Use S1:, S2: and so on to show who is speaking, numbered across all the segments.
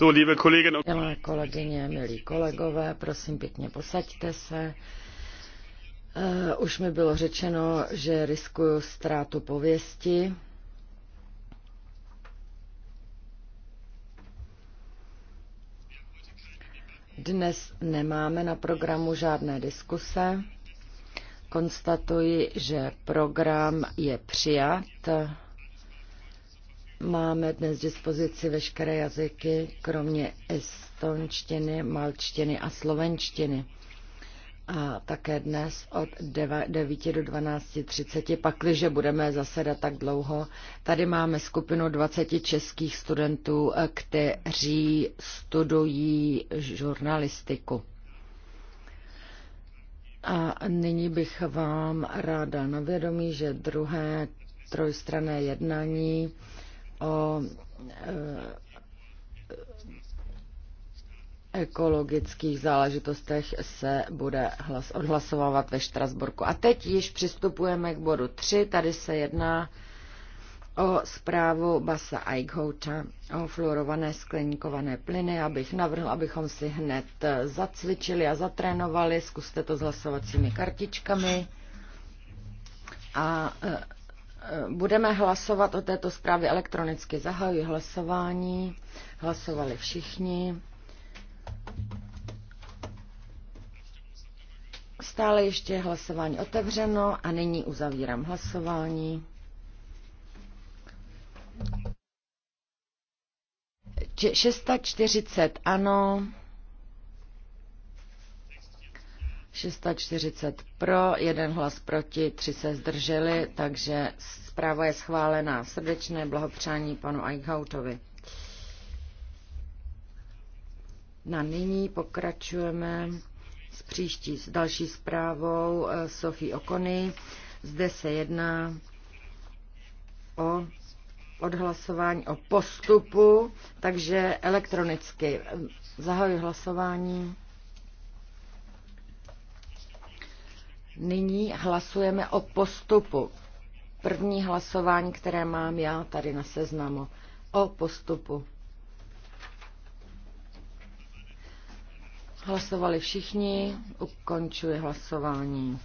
S1: Milé
S2: kolegyně, milí kolegové, prosím pěkně, posaďte se. Eh, už mi bylo řečeno, že riskuju ztrátu pověsti. Dnes nemáme na programu žádné diskuse. Konstatuji, že program je přijat. Máme dnes v dispozici veškeré jazyky, kromě estonštiny, malčtiny a slovenštiny. A také dnes od 9 do 12.30, pakliže budeme zasedat tak dlouho, tady máme skupinu 20 českých studentů, eh, kteří studují žurnalistiku. A nyní bych vám ráda na vědomí, že druhé trojstrané jednání o e, ekologických záležitostech se bude hlas, odhlasovávat ve Štrasburku. A teď již přistupujeme k bodu 3. Tady se jedná o zprávu Basa Eichhouta o fluorované skleníkované plyny, abych navrhl, abychom si hned zacvičili a zatrénovali. Zkuste to s hlasovacími kartičkami. A e, Budeme hlasovat o této zprávě elektronicky. Zahajuji hlasování. Hlasovali všichni. Stále ještě je hlasování otevřeno a nyní uzavírám hlasování. Č 640 ano, 640 pro, jeden hlas proti, tři se zdrželi, takže zpráva je schválená. Srdečné blahopřání panu Eichhautovi. Na nyní pokračujeme s příští, s další zprávou eh, Sofie Okony. Zde se jedná o odhlasování o postupu, takže elektronicky zahajuji hlasování. Nyní hlasujeme o postupu. První hlasování, které mám já tady na seznamu. O postupu. Hlasovali všichni, ukončuji hlasování.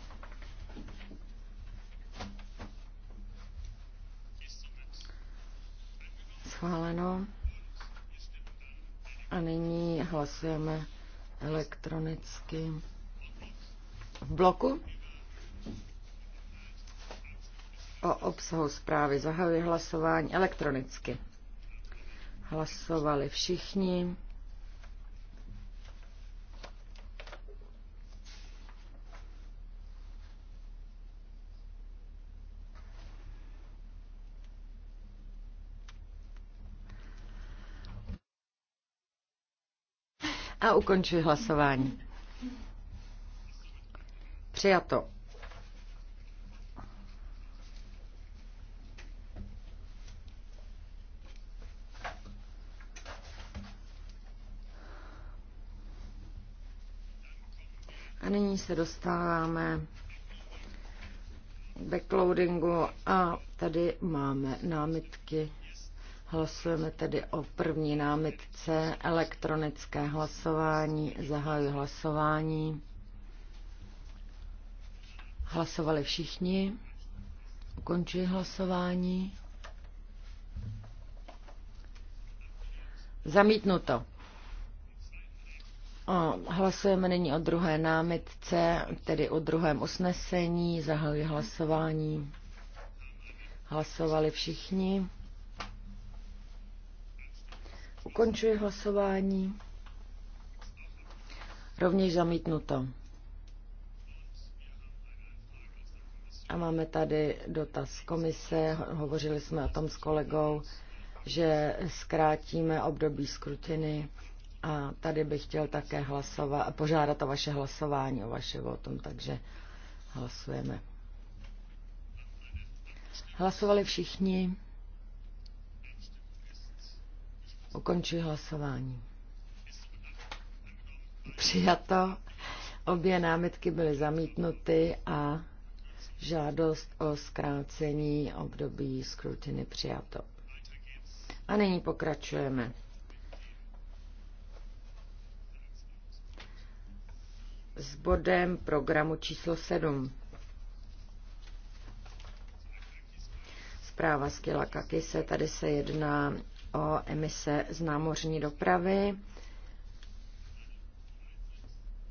S2: Schváleno. A nyní hlasujeme elektronicky. V bloku? o obsahu zprávy. Zahajuji hlasování elektronicky. Hlasovali všichni. A ukončuji hlasování. Přijato. nyní se dostáváme backloadingu a tady máme námitky. Hlasujeme tedy o první námitce elektronické hlasování. Zahajuji hlasování. Hlasovali všichni. Ukončuji hlasování. Zamítnuto hlasujeme nyní o druhé námitce, tedy o druhém usnesení. Zahajuji hlasování. Hlasovali všichni. Ukončuji hlasování. Rovněž zamítnuto. A máme tady dotaz komise. Hovořili jsme o tom s kolegou, že zkrátíme období skrutiny a tady bych chtěl také hlasovat, požádat o vaše hlasování, o vaše votum, takže hlasujeme. Hlasovali všichni. Ukončuji hlasování. Přijato. Obě námitky byly zamítnuty a žádost o zkrácení období skrutiny přijato. A nyní pokračujeme. s bodem programu číslo 7. Zpráva z se tady se jedná o emise z námořní dopravy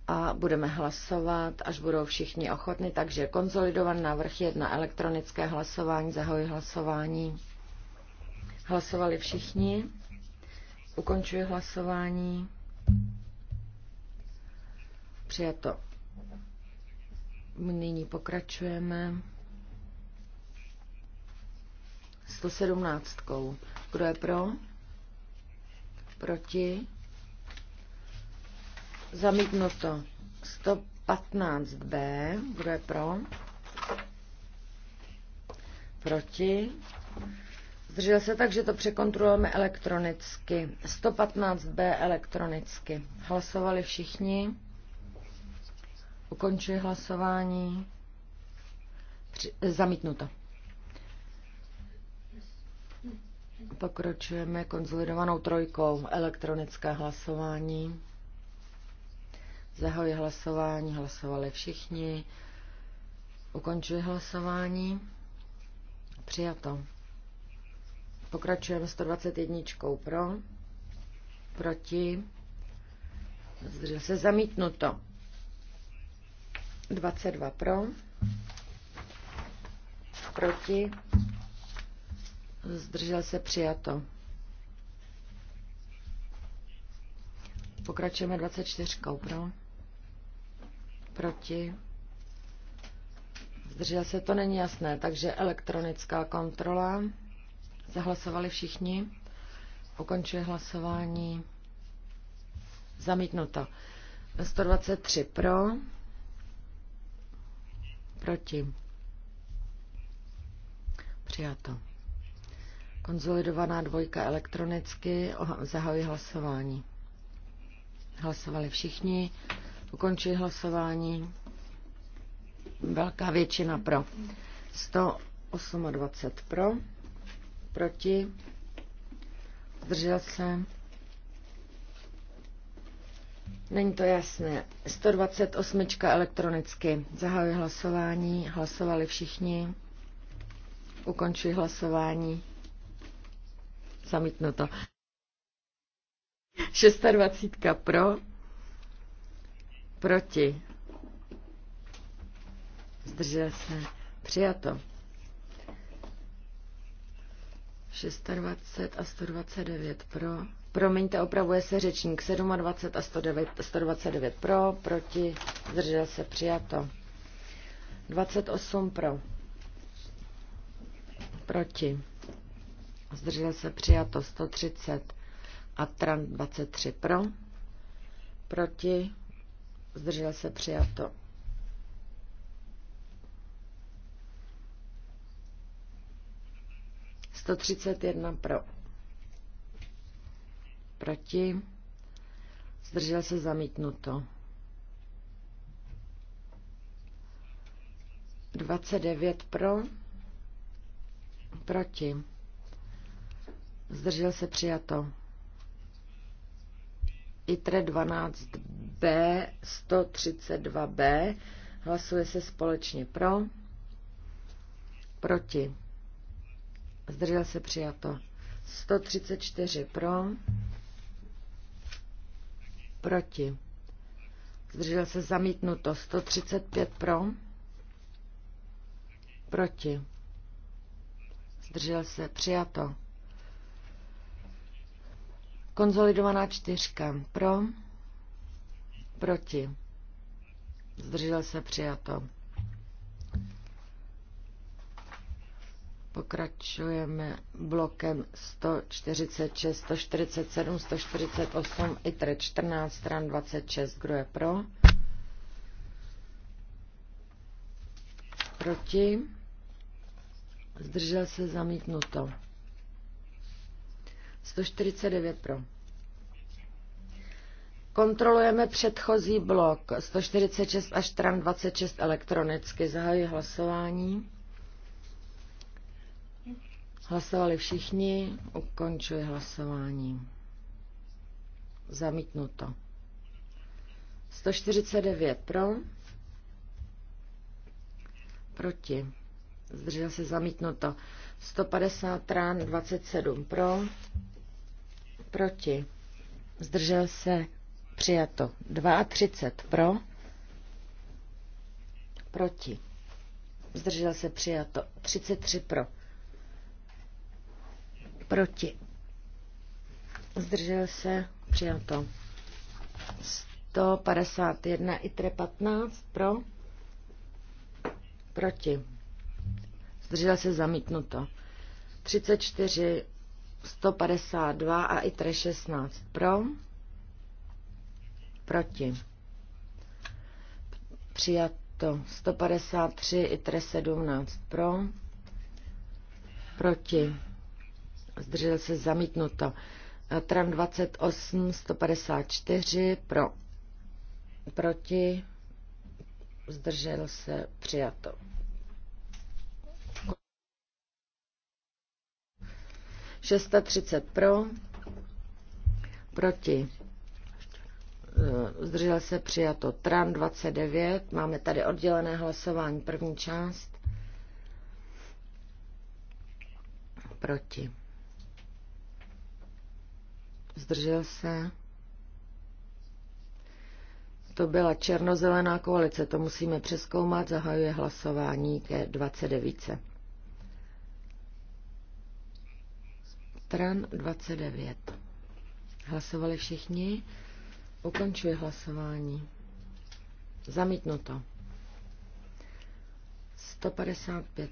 S2: a budeme hlasovat, až budou všichni ochotni, takže konzolidovaný návrh na elektronické hlasování, zahoj hlasování. Hlasovali všichni. Ukončuji hlasování. Přijato. Nyní pokračujeme 117. Kdo je pro? Proti? Zamítnuto. 115b. Kdo je pro? Proti? Zdržel se tak, že to překontrolujeme elektronicky. 115b elektronicky. Hlasovali všichni. Ukončuji hlasování. Při, zamítnuto. Pokročujeme konzolidovanou trojkou elektronické hlasování. Zahajuji hlasování, hlasovali všichni. Ukončuji hlasování. Přijato. Pokračujeme 121 pro, proti, zdržel se zamítnuto. 22 pro, proti, zdržel se přijato. Pokračujeme 24 pro, proti, zdržel se, to není jasné, takže elektronická kontrola. Zahlasovali všichni. Ukončuje hlasování. Zamítnuto. 123 pro. Proti. Přijato. Konzolidovaná dvojka elektronicky. Zahajuji hlasování. Hlasovali všichni. Ukončuji hlasování. Velká většina pro. 128 pro. Proti. Zdržel se. Není to jasné. 128 elektronicky. Zahajuji hlasování. Hlasovali všichni. Ukončuji hlasování. to. 26 pro. Proti. Zdržel se. Přijato. 620 a 129 pro Promiňte, opravuje se řečník 27 a 129 pro, proti, zdržel se přijato. 28 pro, proti, zdržel se přijato 130 a tran 23 pro, proti, zdržel se přijato. Sto třicet jedna pro. Proti? Zdržel se zamítnuto. 29 pro. Proti. Zdržel se přijato. ITRE 12B, 132B. Hlasuje se společně pro. Proti. Zdržel se přijato. 134 pro proti, zdržel se zamítnuto 135 pro, proti, zdržel se přijato. Konzolidovaná čtyřka pro, proti, zdržel se přijato. Pokračujeme blokem 146, 147, 148, ITRE 14, stran 26. Kdo je pro? Proti? Zdržel se zamítnuto. 149 pro. Kontrolujeme předchozí blok 146 až stran 26 elektronicky. Zahajuji hlasování. Hlasovali všichni, ukončuji hlasování. Zamítnuto. 149 pro, proti, zdržel se zamítnuto. 150 rán, 27 pro, proti, zdržel se přijato. 32 pro, proti, zdržel se přijato. 33 pro Proti. Zdržel se. Přijato. 151 i 15 pro. Proti. Zdržel se zamítnuto. 34, 152 a i 16 pro. Proti. Přijato. 153 i 17 pro. Proti zdržel se zamítnuto. E, Tram 28, 154 pro, proti, zdržel se přijato. Šesta třicet pro, proti, e, zdržel se přijato. Tram 29, máme tady oddělené hlasování, první část, proti zdržel se. To byla černozelená koalice, to musíme přeskoumat, zahajuje hlasování ke 29. Tran 29. Hlasovali všichni? Ukončuje hlasování. Zamítnuto. 155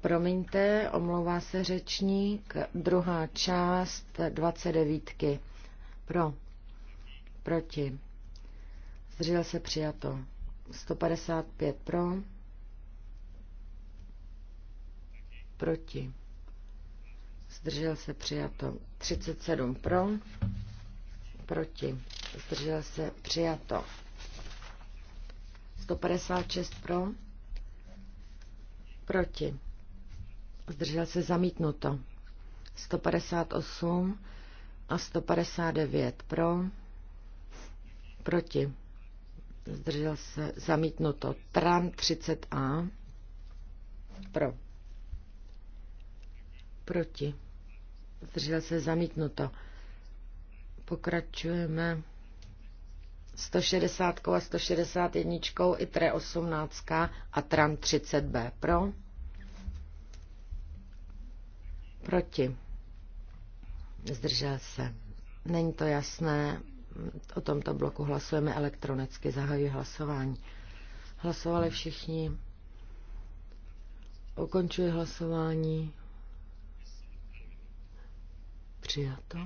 S2: Promiňte, omlouvá se řečník, druhá část 29. Pro, proti, zdržel se přijato. 155 pro, proti, zdržel se přijato. 37 pro, proti, zdržel se přijato. 156 pro, proti zdržel se zamítnuto. 158 a 159 pro, proti, zdržel se zamítnuto. Tran 30a pro, proti, zdržel se zamítnuto. Pokračujeme 160 a 161 i TRE 18 a tram 30B pro Proti. Zdržel se. Není to jasné. O tomto bloku hlasujeme elektronicky. Zahajuji hlasování. Hlasovali všichni. Ukončuji hlasování. Přijato.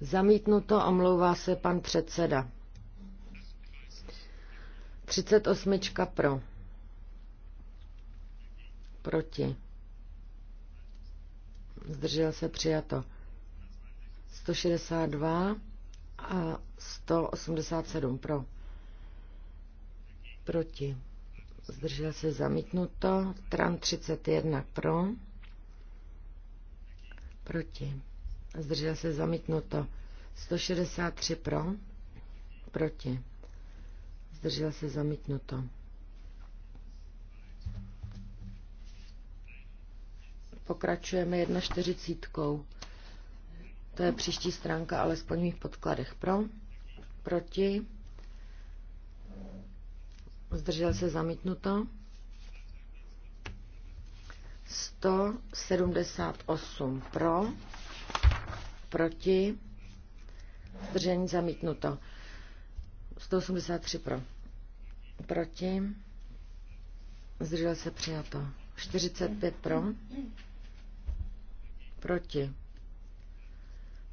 S2: Zamítnuto, omlouvá se pan předseda. 38 pro. Proti zdržel se přijato. 162 a 187 pro. Proti. Zdržel se zamítnuto. Tram 31 pro. Proti. Zdržel se zamítnuto. 163 pro. Proti. Zdržel se zamítnuto. Pokračujeme 1.40. To je příští stránka, alespoň v mých podkladech. Pro? Proti? Zdržel se zamítnuto? 178 pro, proti, zdržení zamítnuto. 183 pro, proti, zdržel se přijato. 45 pro, Proti.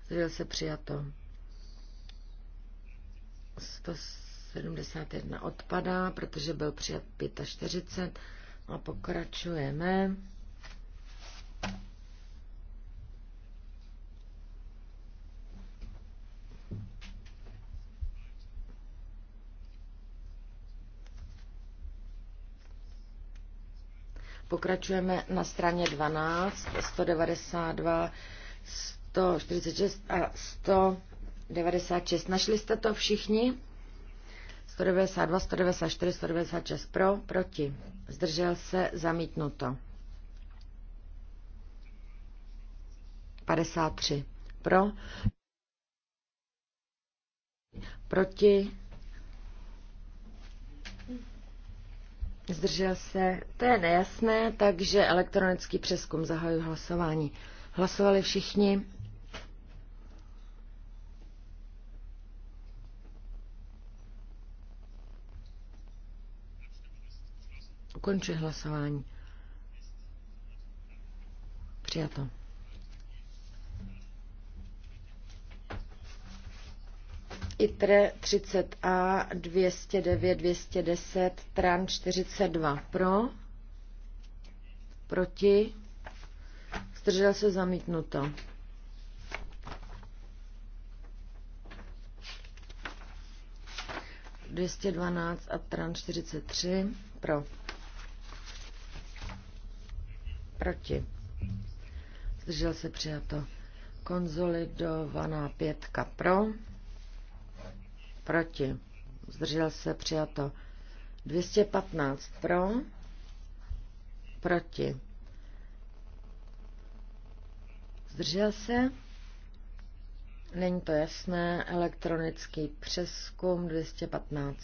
S2: Zdravil se přijato. 171 odpadá, protože byl přijat 45. A pokračujeme. Pokračujeme na straně 12, 192, 146 a 196. Našli jste to všichni? 192, 194, 196 pro, proti. Zdržel se, zamítnuto. 53 pro, proti, Zdržel se? To je nejasné, takže elektronický přeskum zahajuje hlasování. Hlasovali všichni? Ukončuji hlasování. Přijato. ITR 30A 209 210 TRAN 42 pro proti zdržel se zamítnuto Dvěstě dvanáct a tran čtyřicet tři pro. Proti. Zdržel se přijato. Konzolidovaná pětka pro proti, zdržel se, přijato. 215 pro, proti, zdržel se, není to jasné, elektronický přeskum 215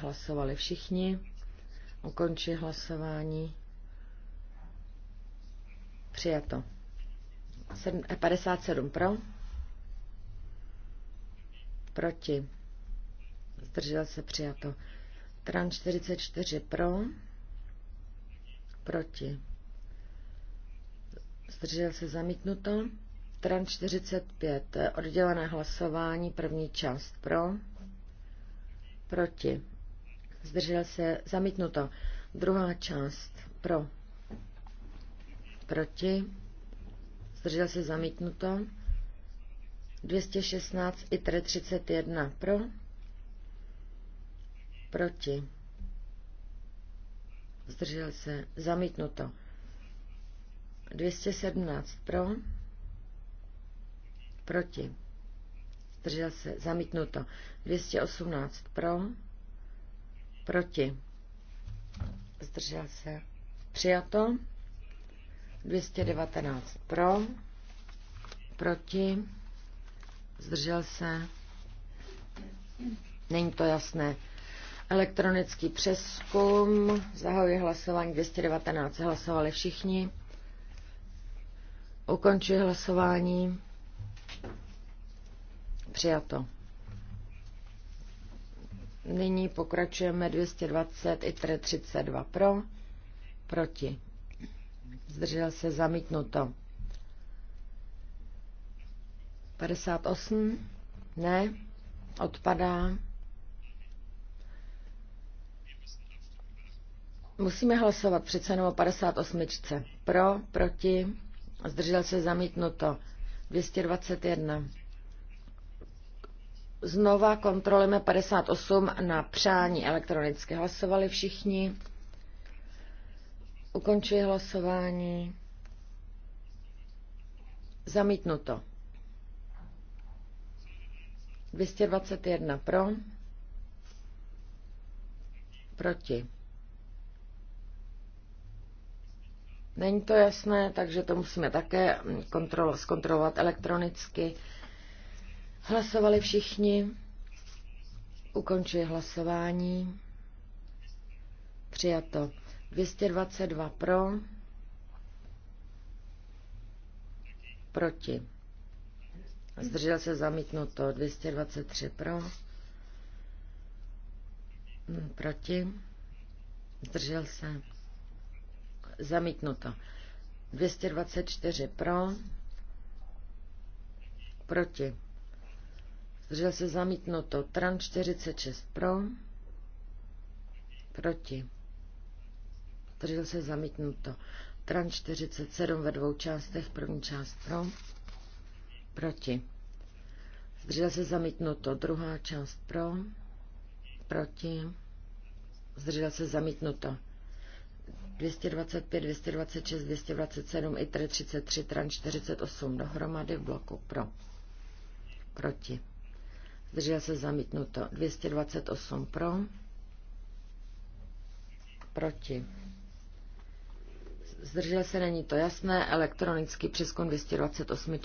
S2: hlasovali všichni, ukončí hlasování, přijato. 57 eh, pro, proti zdržel se přijato. Tran 44 pro, proti, zdržel se zamítnuto. Tran 45, oddělené hlasování, první část pro, proti, zdržel se zamítnuto. Druhá část pro, proti, zdržel se zamítnuto. 216 i 31 pro, Proti. Zdržel se. Zamítnuto. 217 pro. Proti. Zdržel se. Zamítnuto. 218 pro. Proti. Zdržel se. Přijato. 219 pro. Proti. Zdržel se. Není to jasné. Elektronický přeskum. Zahajuji hlasování 219. Hlasovali všichni. Ukončuji hlasování. Přijato. Nyní pokračujeme 220 i 32 pro, proti. Zdržel se zamítnuto. 58, ne, odpadá. Musíme hlasovat přece jenom o 58. Pro, proti, zdržel se zamítnuto. 221. Znova kontrolujeme 58 na přání elektronicky. Hlasovali všichni. Ukončuji hlasování. Zamítnuto. 221 pro. Proti. Není to jasné, takže to musíme také kontrol, zkontrolovat elektronicky. Hlasovali všichni. Ukončuji hlasování. Přijato. 222 pro. Proti. Zdržel se zamítnuto. 223 pro. Hm, proti. Zdržel se. Zamítnuto. 224 pro. Proti. Zdržel se zamítnuto. Tran 46 pro. Proti. Zdržel se zamítnuto. Tran 47 ve dvou částech. První část pro. Proti. Zdržel se zamítnuto. Druhá část pro. Proti. Zdržel se zamítnuto. 225, 226, 227, i 33, TRAN 48 dohromady v bloku pro. Proti. Zdržel se zamítnuto. 228 pro. Proti. Zdržel se, není to jasné, elektronický přeskon 228.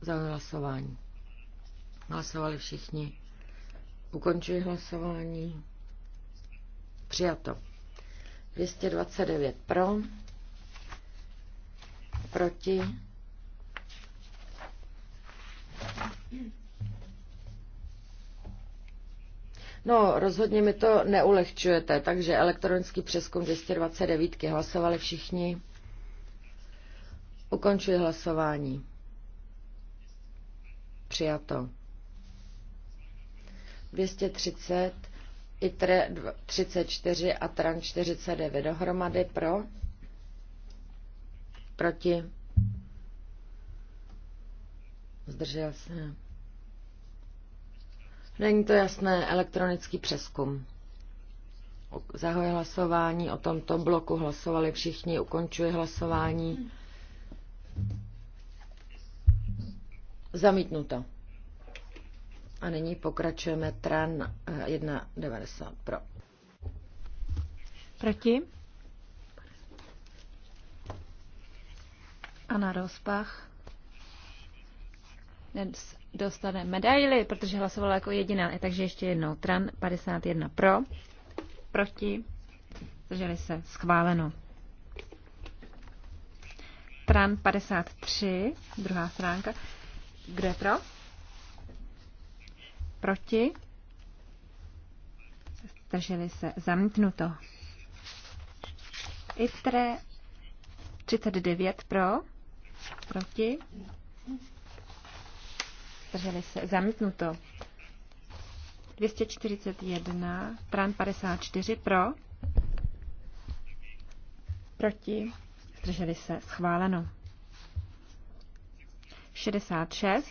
S2: Za hlasování. Hlasovali všichni. Ukončuji hlasování. Přijato. 229 pro, proti, No, rozhodně mi to neulehčujete, takže elektronický přeskum 229. Hlasovali všichni. Ukončuji hlasování. Přijato. 230 ITRE 34 a TRAN 49 dohromady pro, proti, zdržel se. Není to jasné, elektronický přeskum. Zahoje hlasování, o tomto bloku hlasovali všichni, ukončuje hlasování. Zamítnuto. A nyní pokračujeme tran 1.90 eh, pro.
S3: Proti? A na rozpach dostane medaily, protože hlasovala jako jediná. Takže ještě jednou. Tran 51 pro, proti, zdrželi se, schváleno. Tran 53, druhá stránka. Kdo je pro? Proti? Zdrželi se. Zamítnuto. ITRE 39 pro. Proti? Zdrželi se. Zamítnuto. 241, tran 54 pro. Proti? Zdrželi se. Schváleno. 66.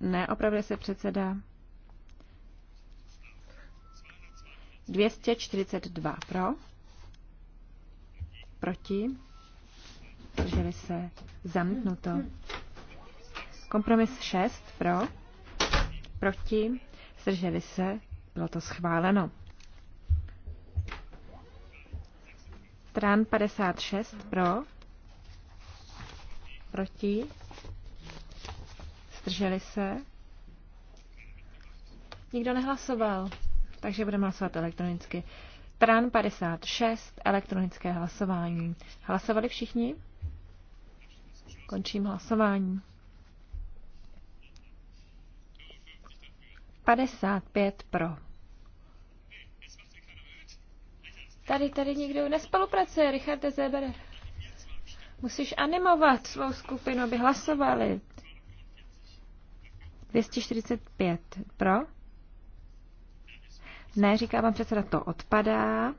S3: Ne, opravdu se předseda. 242 pro, proti, zdrželi se, zamknuto. Kompromis 6 pro, proti, zdrželi se, bylo to schváleno. Tran 56 pro, proti, zdrželi se. Nikdo nehlasoval takže budeme hlasovat elektronicky. Tran 56, elektronické hlasování. Hlasovali všichni? Končím hlasování. 55 pro.
S1: Tady, tady nikdo
S3: nespolupracuje, Richard Zeber. Musíš animovat svou skupinu, aby hlasovali. 245 pro. Ne, říká pan předseda, to odpadá.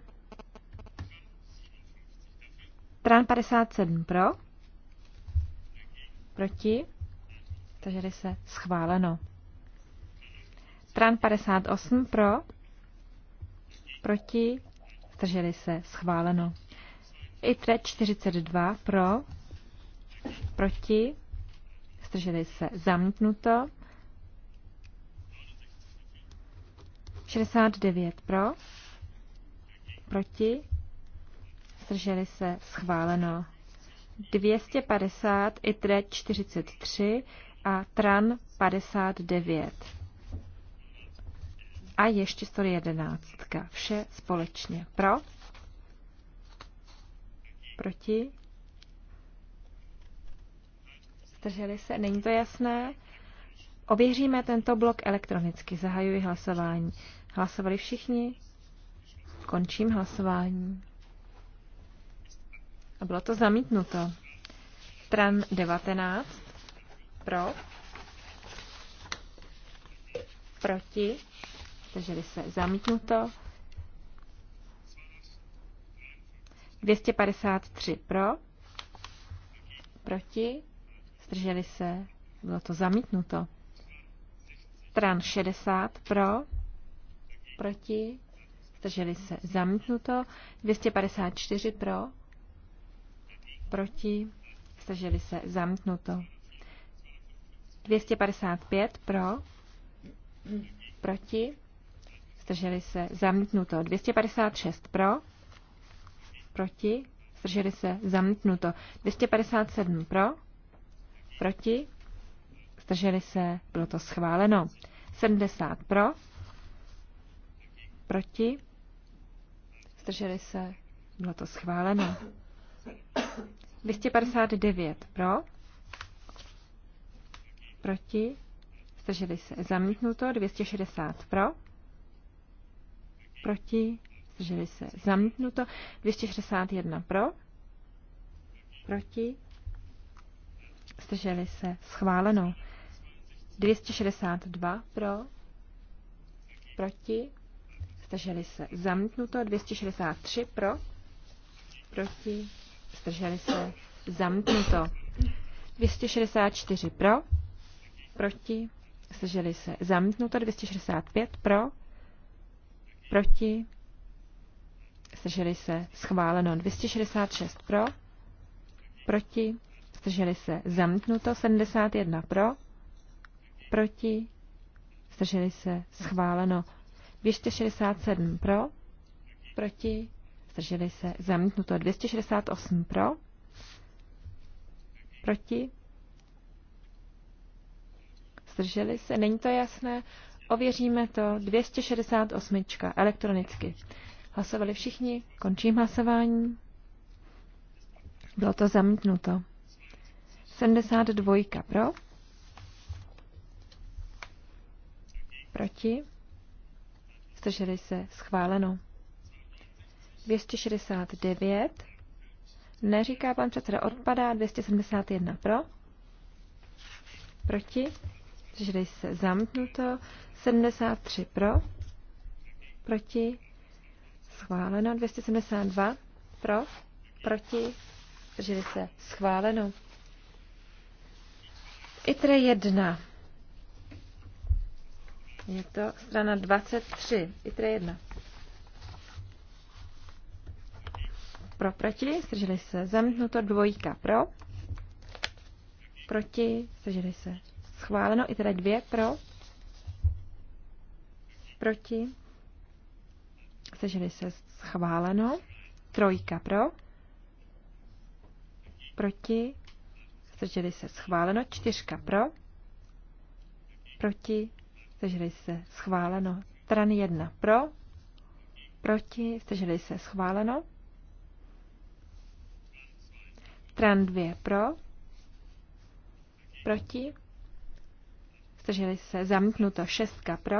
S3: Tran 57 pro. Proti. Takže se schváleno. Tran 58 pro, proti, zdrželi se, schváleno. ITRE 42 pro, proti, zdrželi se, zamítnuto. 69 pro, proti, zdrželi se, schváleno. 250, ITRE 43 a TRAN 59. A ještě 111. Vše společně. Pro? Proti? Zdrželi se? Není to jasné? Ověříme tento blok elektronicky. Zahajuji hlasování. Hlasovali všichni? Končím hlasování. A bylo to zamítnuto. Stran 19. Pro. Proti. Drželi se zamítnuto. 253 pro. Proti. Zdrželi se. Bylo to zamítnuto. Stran 60 pro proti, zdrželi se zamítnuto, 254 pro, proti, zdrželi se zamítnuto, 255 pro, proti, zdrželi se zamítnuto, 256 pro, proti, zdrželi se zamítnuto, 257 pro, proti, zdrželi se, bylo to schváleno, 70 pro, Proti? Zdrželi se? Bylo to schváleno. 259 pro? Proti? Zdrželi se? Zamítnuto. 260 pro? Proti? Zdrželi se? Zamítnuto. 261 pro? Proti? Zdrželi se? Schváleno. 262 pro? Proti? Zdrželi se. Zamítnuto 263 pro. Proti. Zdrželi se. Zamítnuto. 264 pro. Proti. Zdrželi se. Zamítnuto 265 pro. Proti. Zdrželi se. Schváleno 266 pro. Proti. Zdrželi se. Zamítnuto 71 pro. Proti. Zdrželi se. Schváleno 267 pro, proti, zdrželi se, zamítnuto. 268 pro, proti, zdrželi se, není to jasné, ověříme to, 268 elektronicky. Hlasovali všichni, končím hlasování. Bylo to zamítnuto. 72 pro. Proti zdrželi se, schváleno. 269, neříká pan předseda, odpadá 271 pro, proti, zdrželi se, zamknuto, 73 pro, proti, schváleno, 272 pro, proti, zdrželi se, schváleno. ITRE 1 je to strana 23, ITRE 1. Pro, proti, zdrželi se. Zamítnuto dvojka pro. Proti, zdrželi se. Schváleno, i teda dvě pro. Proti, zdrželi se. Schváleno, trojka pro. Proti, zdrželi se. Schváleno, čtyřka pro. Proti, zdrželi se, schváleno. Tran 1 pro, proti, zdrželi se, schváleno. Tran 2 pro, proti, zdrželi se, zamknuto 6 pro,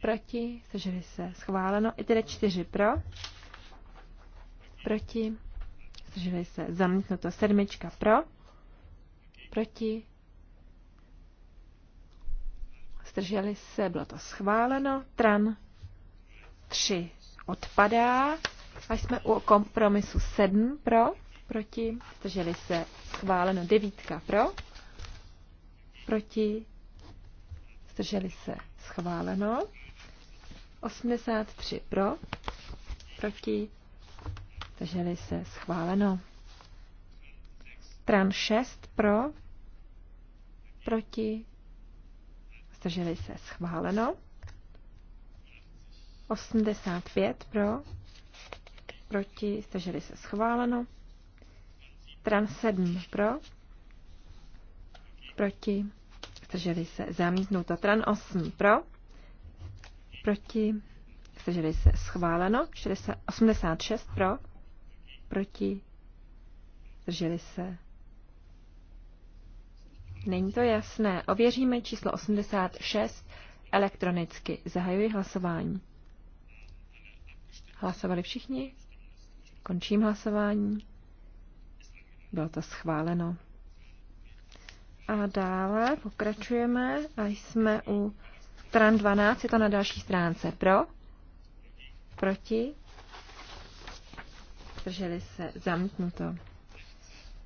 S3: proti, zdrželi se, schváleno. I tedy 4 pro, proti, zdrželi se, zamknuto 7 pro, proti, zdrželi se, bylo to schváleno. Tran 3 odpadá. A jsme u kompromisu 7 pro, proti, zdrželi se, schváleno. 9 pro, proti, zdrželi se, schváleno. 83 pro, proti, zdrželi se, schváleno. Tran 6 pro, proti, zdrželi se schváleno. 85 pro, proti, zdrželi se schváleno. Trans 7 pro, proti, zdrželi se zamítnuto. Tran 8 pro, proti, zdrželi se schváleno. 86 pro, proti, zdrželi se Není to jasné. Ověříme číslo 86 elektronicky. Zahajuji hlasování. Hlasovali všichni? Končím hlasování. Bylo to schváleno. A dále pokračujeme a jsme u stran 12, je to na další stránce. Pro? Proti? Drželi se zamknuto.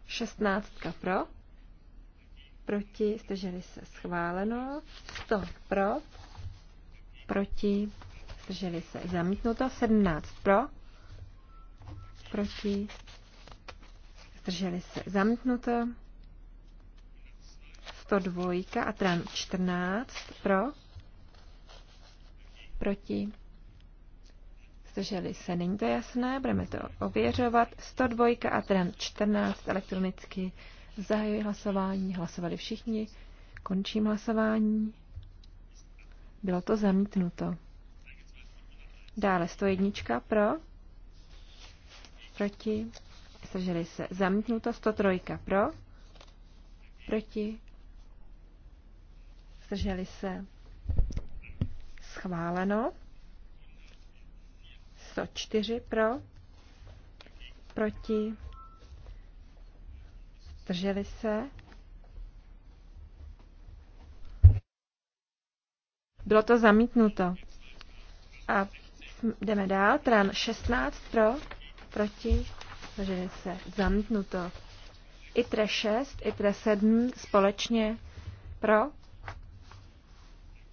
S3: 16 pro? proti, zdrželi se schváleno, 100 pro, proti, zdrželi se zamítnuto, 17 pro, proti, zdrželi se zamítnuto, 102 a tran 14 pro, proti, zdrželi se, není to jasné, budeme to ověřovat, 102 a tran 14 elektronicky Zahajuji hlasování. Hlasovali všichni. Končím hlasování. Bylo to zamítnuto. Dále 101 pro. Proti. Zdrželi se. Zamítnuto 103 pro. Proti. Zdrželi se. Schváleno. 104 pro. Proti Zdrželi se? Bylo to zamítnuto. A jdeme dál. Tran 16 pro, proti, zdrželi se, zamítnuto. ITRE 6, ITRE 7 společně pro,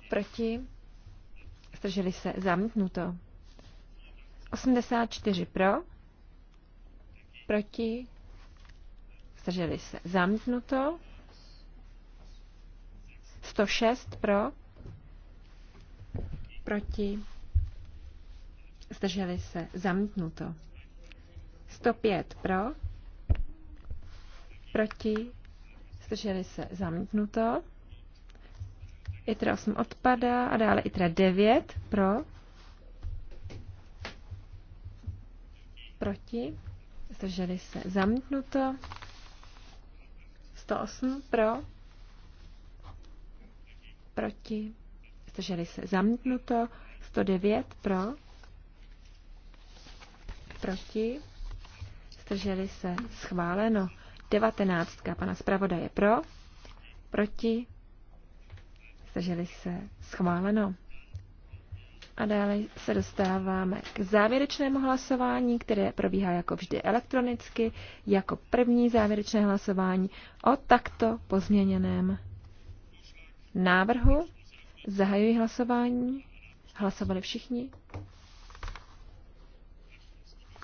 S3: proti, zdrželi se, zamítnuto. 84 pro, proti, zdrželi se zamítnuto. 106 pro, proti, zdrželi se Zamknuto. 105 pro, proti, zdrželi se Zamknuto. ITRA 8 odpadá a dále ITRA 9 pro, proti, zdrželi se Zamknuto. 108 pro, proti, zdrželi se zamítnuto, 109 pro, proti, zdrželi se schváleno, 19 pana zpravodaje pro, proti, zdrželi se schváleno. A dále se dostáváme k závěrečnému hlasování, které probíhá jako vždy elektronicky, jako první závěrečné hlasování o takto pozměněném návrhu. Zahajuji hlasování. Hlasovali všichni.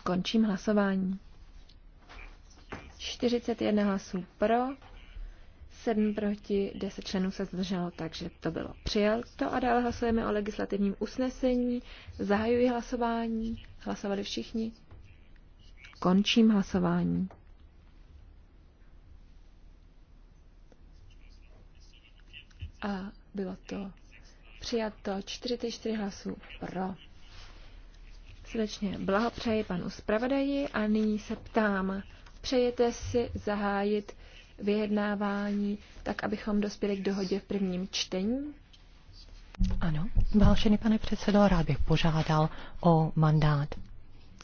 S3: Končím hlasování. 41 hlasů pro, 7 proti, 10 členů se zdrželo, takže to bylo přijato. A dále hlasujeme o legislativním usnesení. Zahajuji hlasování. Hlasovali všichni. Končím hlasování. A bylo to přijato 44 hlasů pro. Srdečně blahopřeji panu zpravodaji a nyní se ptám, přejete si zahájit vyjednávání, tak abychom dospěli k dohodě v prvním čtení?
S4: Ano, vážený pane předsedo, rád bych požádal o mandát,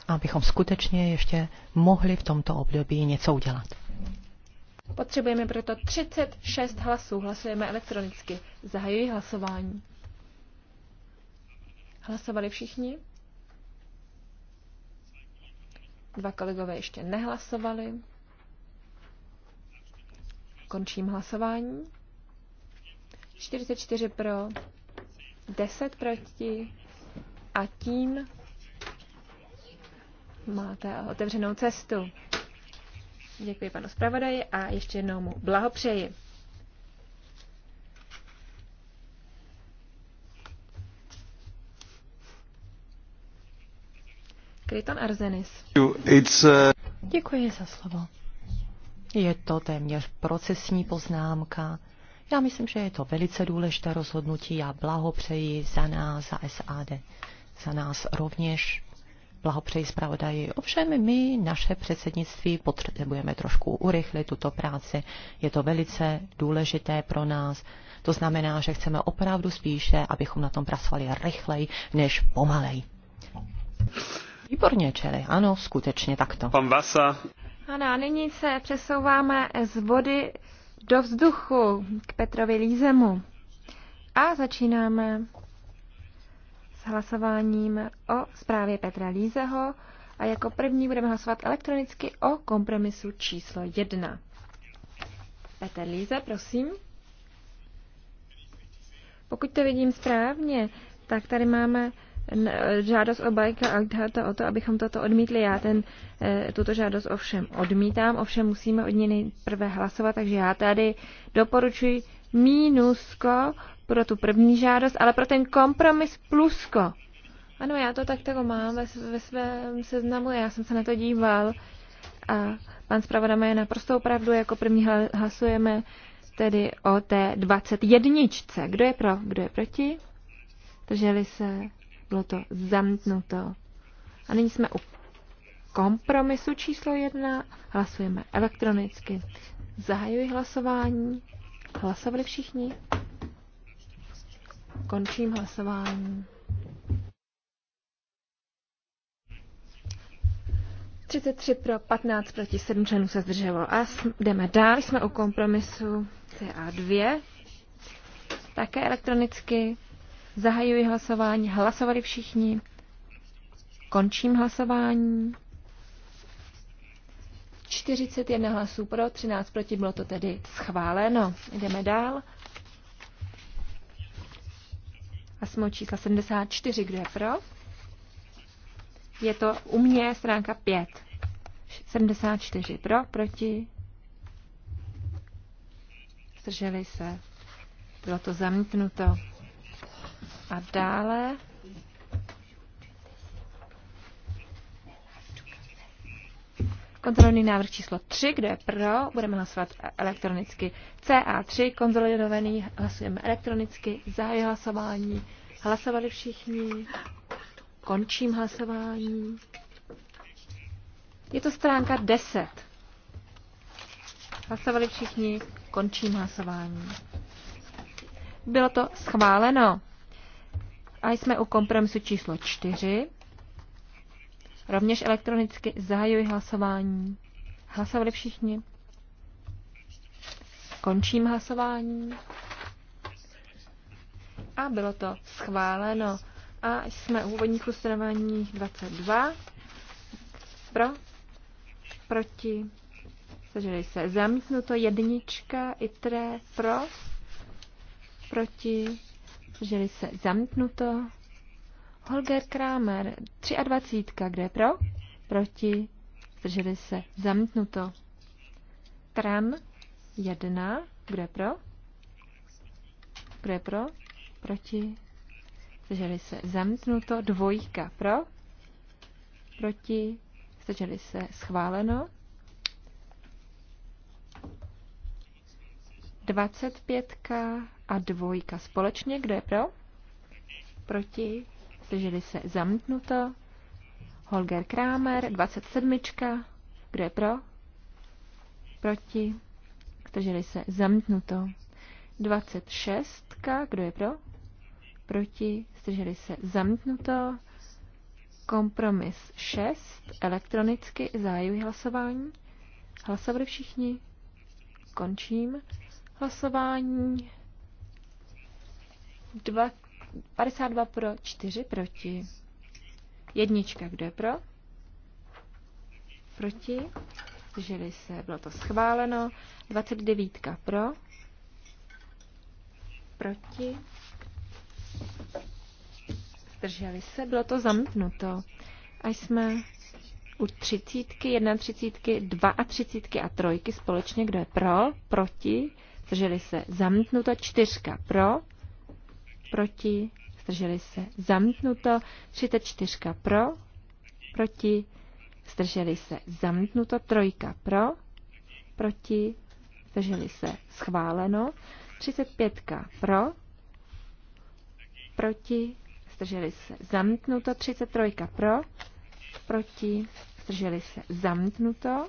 S4: abychom skutečně ještě mohli v tomto období něco udělat.
S3: Potřebujeme proto 36 hlasů. Hlasujeme elektronicky. Zahajuji hlasování. Hlasovali všichni? Dva kolegové ještě nehlasovali. Končím hlasování. 44 pro, 10 proti a tím máte otevřenou cestu. Děkuji panu zpravodaji a ještě jednou mu blahopřeji. Kryton Arzenis.
S1: Uh,
S4: Děkuji za slovo. Je to téměř procesní poznámka. Já myslím, že je to velice důležité rozhodnutí. Já blahopřeji za nás, za SAD, za nás rovněž. Blahopřeji zpravodaji. Ovšem my, naše předsednictví, potřebujeme trošku urychlit tuto práci. Je to velice důležité pro nás. To znamená, že chceme opravdu spíše, abychom na tom pracovali rychleji než pomalej. Výborně, čeli. Ano, skutečně takto.
S1: Pan Vasa.
S3: Ano, nyní se přesouváme z vody do vzduchu k Petrovi Lízemu. A začínáme s hlasováním o zprávě Petra Lízeho a jako první budeme hlasovat elektronicky o kompromisu číslo jedna. Petr Líze, prosím. Pokud to vidím správně, tak tady máme žádost o Bajka Agdhata o to, abychom toto odmítli. Já ten, eh, tuto žádost ovšem odmítám, ovšem musíme od ní nejprve hlasovat, takže já tady doporučuji mínusko pro tu první žádost, ale pro ten kompromis plusko. Ano, já to tak takto mám ve, ve svém seznamu, já jsem se na to díval a pan zpravodaj má naprostou pravdu, jako první hlasujeme tedy o té 21. Kdo je pro, kdo je proti? Drželi se bylo to zamítnuto. A nyní jsme u kompromisu číslo jedna. Hlasujeme elektronicky. Zahajuji hlasování. Hlasovali všichni? Končím hlasování. 33 pro, 15 proti, 7 členů se zdrželo. A jdeme dál, jsme u kompromisu CA2. Také elektronicky Zahajuji hlasování. Hlasovali všichni. Končím hlasování. 41 hlasů pro, 13 proti, bylo to tedy schváleno. Jdeme dál. A jsme čísla 74, kdo je pro? Je to u mě stránka 5. 74 pro, proti. Zdrželi se. Bylo to zamítnuto. A dále Kontrolní návrh číslo 3, kdo je pro, budeme hlasovat elektronicky. CA3, konzolidovaný, hlasujeme elektronicky, zahajuji hlasování. Hlasovali všichni, končím hlasování. Je to stránka 10. Hlasovali všichni, končím hlasování. Bylo to schváleno. A jsme u kompromisu číslo 4. Rovněž elektronicky zahajuji hlasování. Hlasovali všichni? Končím hlasování. A bylo to schváleno. A jsme u úvodních ustanovení 22. Pro? Proti? Zdrželi se. Zamítnuto jednička, i tre, pro? Proti? Zdrželi se zamknuto. Holger Kramer, 23. Kde pro? Proti. Zdrželi se zamknuto. Tran 1. Kde pro? Kde pro? Proti. Zdrželi se zamknuto. Dvojka pro? Proti. Zdrželi se schváleno. 25 a dvojka společně. Kdo je pro? Proti? slyšeli se zamítnuto. Holger Kramer, 27. Kdo je pro? Proti? slyšeli se zamítnuto. 26. Kdo je pro? Proti? slyšeli se zamítnuto. Kompromis 6. Elektronicky zahajuji hlasování. Hlasovali všichni? Končím hlasování. Dva, 52 pro, 4 proti. Jednička, kdo je pro? Proti. Zdrželi se, bylo to schváleno. 29 pro. Proti. Zdrželi se, bylo to zamknuto. A jsme u třicítky, jedna třicítky, dva a třicítky a trojky společně, kdo je pro, proti, zdrželi se, zamítnuto, čtyřka pro, proti, zdrželi se zamítnuto, 34 pro, proti, zdrželi se zamítnuto, trojka pro, proti, zdrželi se schváleno, 35 pro, proti, zdrželi se zamítnuto, 33 pro, proti, zdrželi se zamítnuto,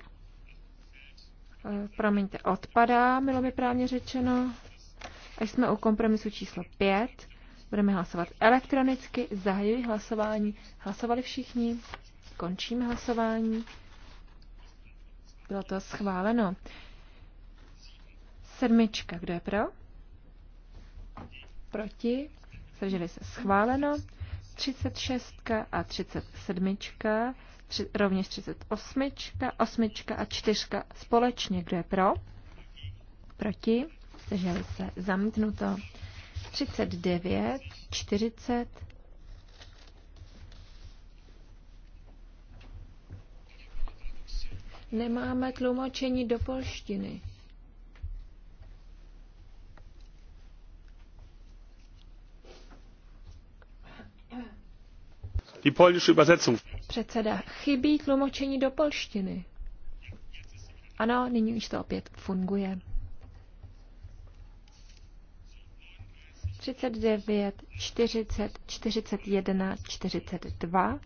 S3: e, promiňte, odpadá, bylo by právně řečeno, až jsme u kompromisu číslo 5, Budeme hlasovat elektronicky. Zahajuji hlasování. Hlasovali všichni. Končím hlasování. Bylo to schváleno. Sedmička. Kdo je pro? Proti. Zdrželi se. Schváleno. 36 a 37, tři, rovněž 38, Osmička a čtyřka společně. Kdo je pro? Proti. Zdrželi se. Zamítnuto. 39, 40. Nemáme tlumočení do polštiny.
S4: Die polnische Übersetzung.
S3: Předseda, chybí tlumočení do polštiny. Ano, nyní už to opět funguje. 39, 40, 41, 42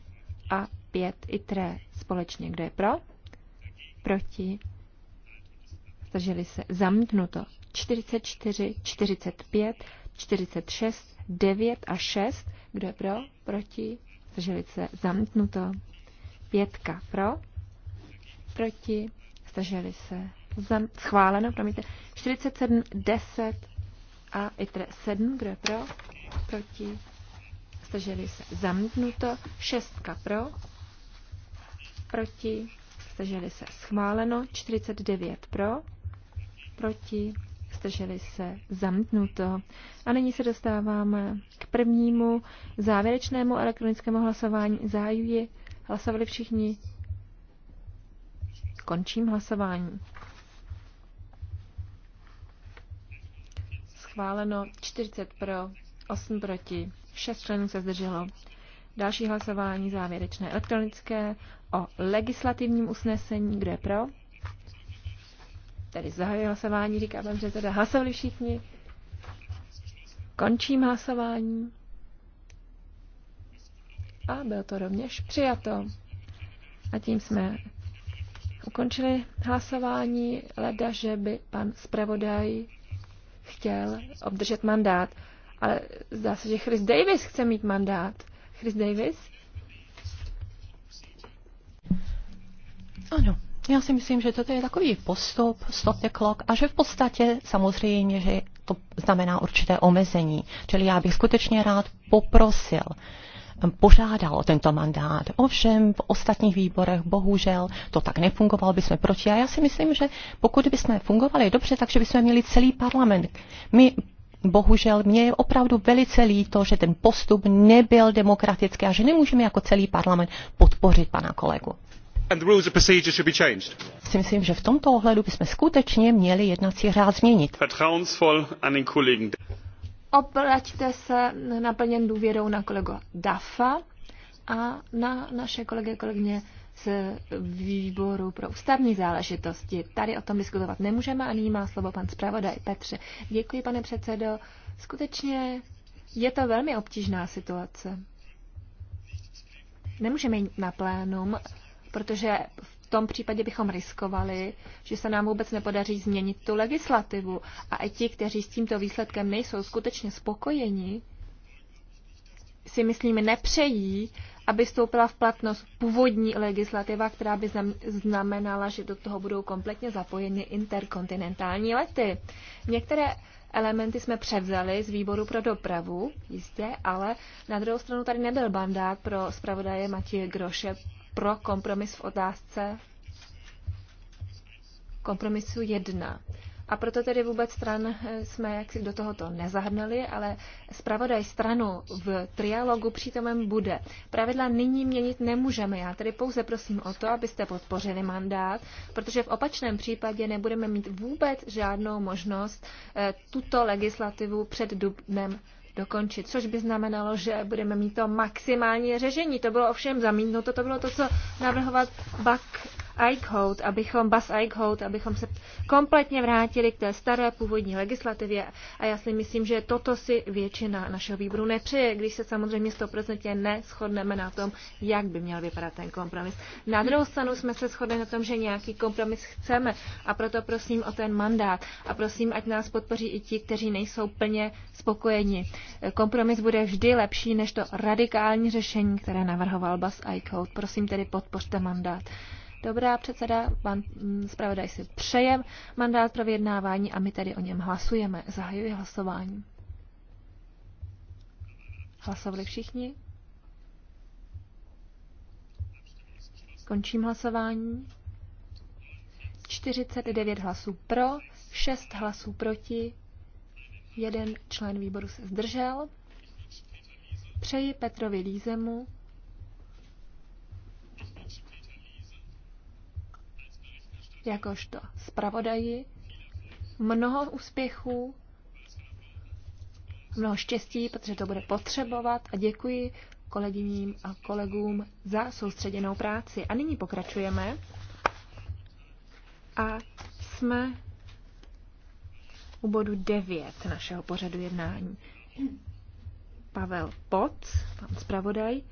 S3: a 5 i 3 společně. Kdo je pro? Proti? Zdrželi se. Zamítnuto. 44, 45, 46, 9 a 6. Kdo je pro? Proti? Zdrželi se. Zamítnuto. Pětka pro? Proti? Zdrželi se. Zam- schváleno, promiňte. 47, 10, a ITRE 7, kdo je pro, proti, zdrželi se zamítnuto, 6 pro, proti, zdrželi se schváleno, 49 pro, proti, zdrželi se zamítnuto. A nyní se dostáváme k prvnímu závěrečnému elektronickému hlasování. Zájuji, hlasovali všichni. Končím hlasování. Schváleno 40 pro, 8 proti, 6 členů se zdrželo. Další hlasování závěrečné elektronické o legislativním usnesení. Kdo je pro? Tady zahajuje hlasování, Říkám, že teda Hlasovali všichni? Končím hlasování. A bylo to rovněž přijato. A tím jsme ukončili hlasování. Leda, že by pan zpravodaj chtěl obdržet mandát. Ale zdá se, že Chris Davis chce mít mandát. Chris Davis?
S4: Ano, já si myslím, že toto je takový postup, stop the clock, a že v podstatě samozřejmě, že to znamená určité omezení. Čili já bych skutečně rád poprosil požádal o tento mandát. Ovšem v ostatních výborech bohužel to tak nefungovalo, by jsme proti. A já si myslím, že pokud by jsme fungovali dobře, takže by jsme měli celý parlament. My Bohužel mě je opravdu velice líto, že ten postup nebyl demokratický a že nemůžeme jako celý parlament podpořit pana kolegu. Si myslím, že v tomto ohledu bychom skutečně měli jednací řád změnit
S3: obraťte se naplněn důvěrou na kolegu Dafa a na naše kolegy a kolegyně z výboru pro ústavní záležitosti. Tady o tom diskutovat nemůžeme a nyní má slovo pan zpravodaj Petře. Děkuji, pane předsedo. Skutečně je to velmi obtížná situace. Nemůžeme jít na plénum, protože v tom případě bychom riskovali, že se nám vůbec nepodaří změnit tu legislativu. A i ti, kteří s tímto výsledkem nejsou skutečně spokojeni, si myslíme nepřejí, aby stoupila v platnost původní legislativa, která by znamenala, že do toho budou kompletně zapojeny interkontinentální lety. Některé elementy jsme převzali z výboru pro dopravu, jistě, ale na druhou stranu tady nebyl bandát pro zpravodaje Matěje Groše pro kompromis v otázce kompromisu jedna. A proto tedy vůbec stran eh, jsme jaksi do tohoto nezahrnuli, ale zpravodaj stranu v trialogu přítomem bude. Pravidla nyní měnit nemůžeme. Já tedy pouze prosím o to, abyste podpořili mandát, protože v opačném případě nebudeme mít vůbec žádnou možnost eh, tuto legislativu před dubnem dokončit, což by znamenalo, že budeme mít to maximální řešení. To bylo ovšem zamítnuto, to bylo to, co navrhoval Bak Eichhout, abychom, Bas Eichhout, abychom se kompletně vrátili k té staré původní legislativě. A já si myslím, že toto si většina našeho výboru nepřeje, když se samozřejmě stoprocentně neschodneme na tom, jak by měl vypadat ten kompromis. Na druhou stranu jsme se shodli na tom, že nějaký kompromis chceme a proto prosím o ten mandát a prosím, ať nás podpoří i ti, kteří nejsou plně spokojeni. Kompromis bude vždy lepší než to radikální řešení, které navrhoval Bas Eichhout. Prosím tedy podpořte mandát. Dobrá, předseda, pan mm, zpravodaj si přeje mandát pro vyjednávání a my tedy o něm hlasujeme. Zahajuji hlasování. Hlasovali všichni? Končím hlasování. 49 hlasů pro, 6 hlasů proti, jeden člen výboru se zdržel. Přeji Petrovi Lízemu jakožto zpravodaji. Mnoho úspěchů, mnoho štěstí, protože to bude potřebovat a děkuji kolegyním a kolegům za soustředěnou práci. A nyní pokračujeme a jsme u bodu 9 našeho pořadu jednání. Pavel Poc, pan zpravodaj,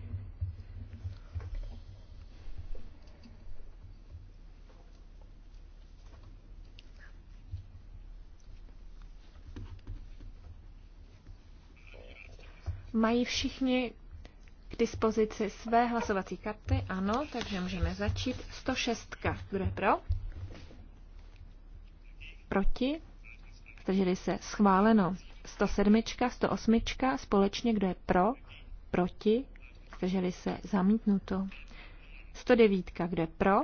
S3: Mají všichni k dispozici své hlasovací karty? Ano, takže můžeme začít. 106. Kdo je pro? Proti? Zdrželi se. Schváleno. 107. 108. Společně kdo je pro? Proti? Zdrželi se. Zamítnuto. 109. Kdo je pro?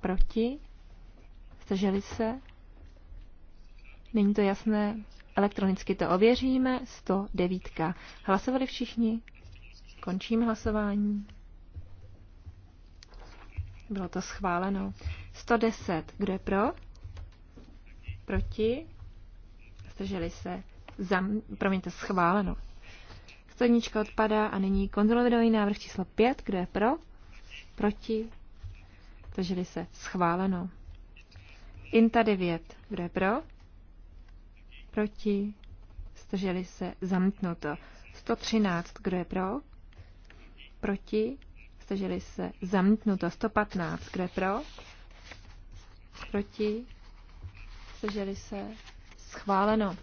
S3: Proti? Zdrželi se? Není to jasné. Elektronicky to ověříme. 109. Hlasovali všichni? Končím hlasování. Bylo to schváleno. 110. Kdo je pro? Proti? Zdrželi se. Zam... Promiňte, schváleno. Stodnička odpadá a nyní kontrolovaný návrh číslo 5. Kdo je pro? Proti? Zdrželi se. Schváleno. Inta 9. Kdo je pro? Proti? Zdrželi se? Zamítnuto. 113. Kdo je pro? Proti? Zdrželi se? Zamítnuto. 115. Kdo je pro? Proti? Zdrželi se? Schváleno.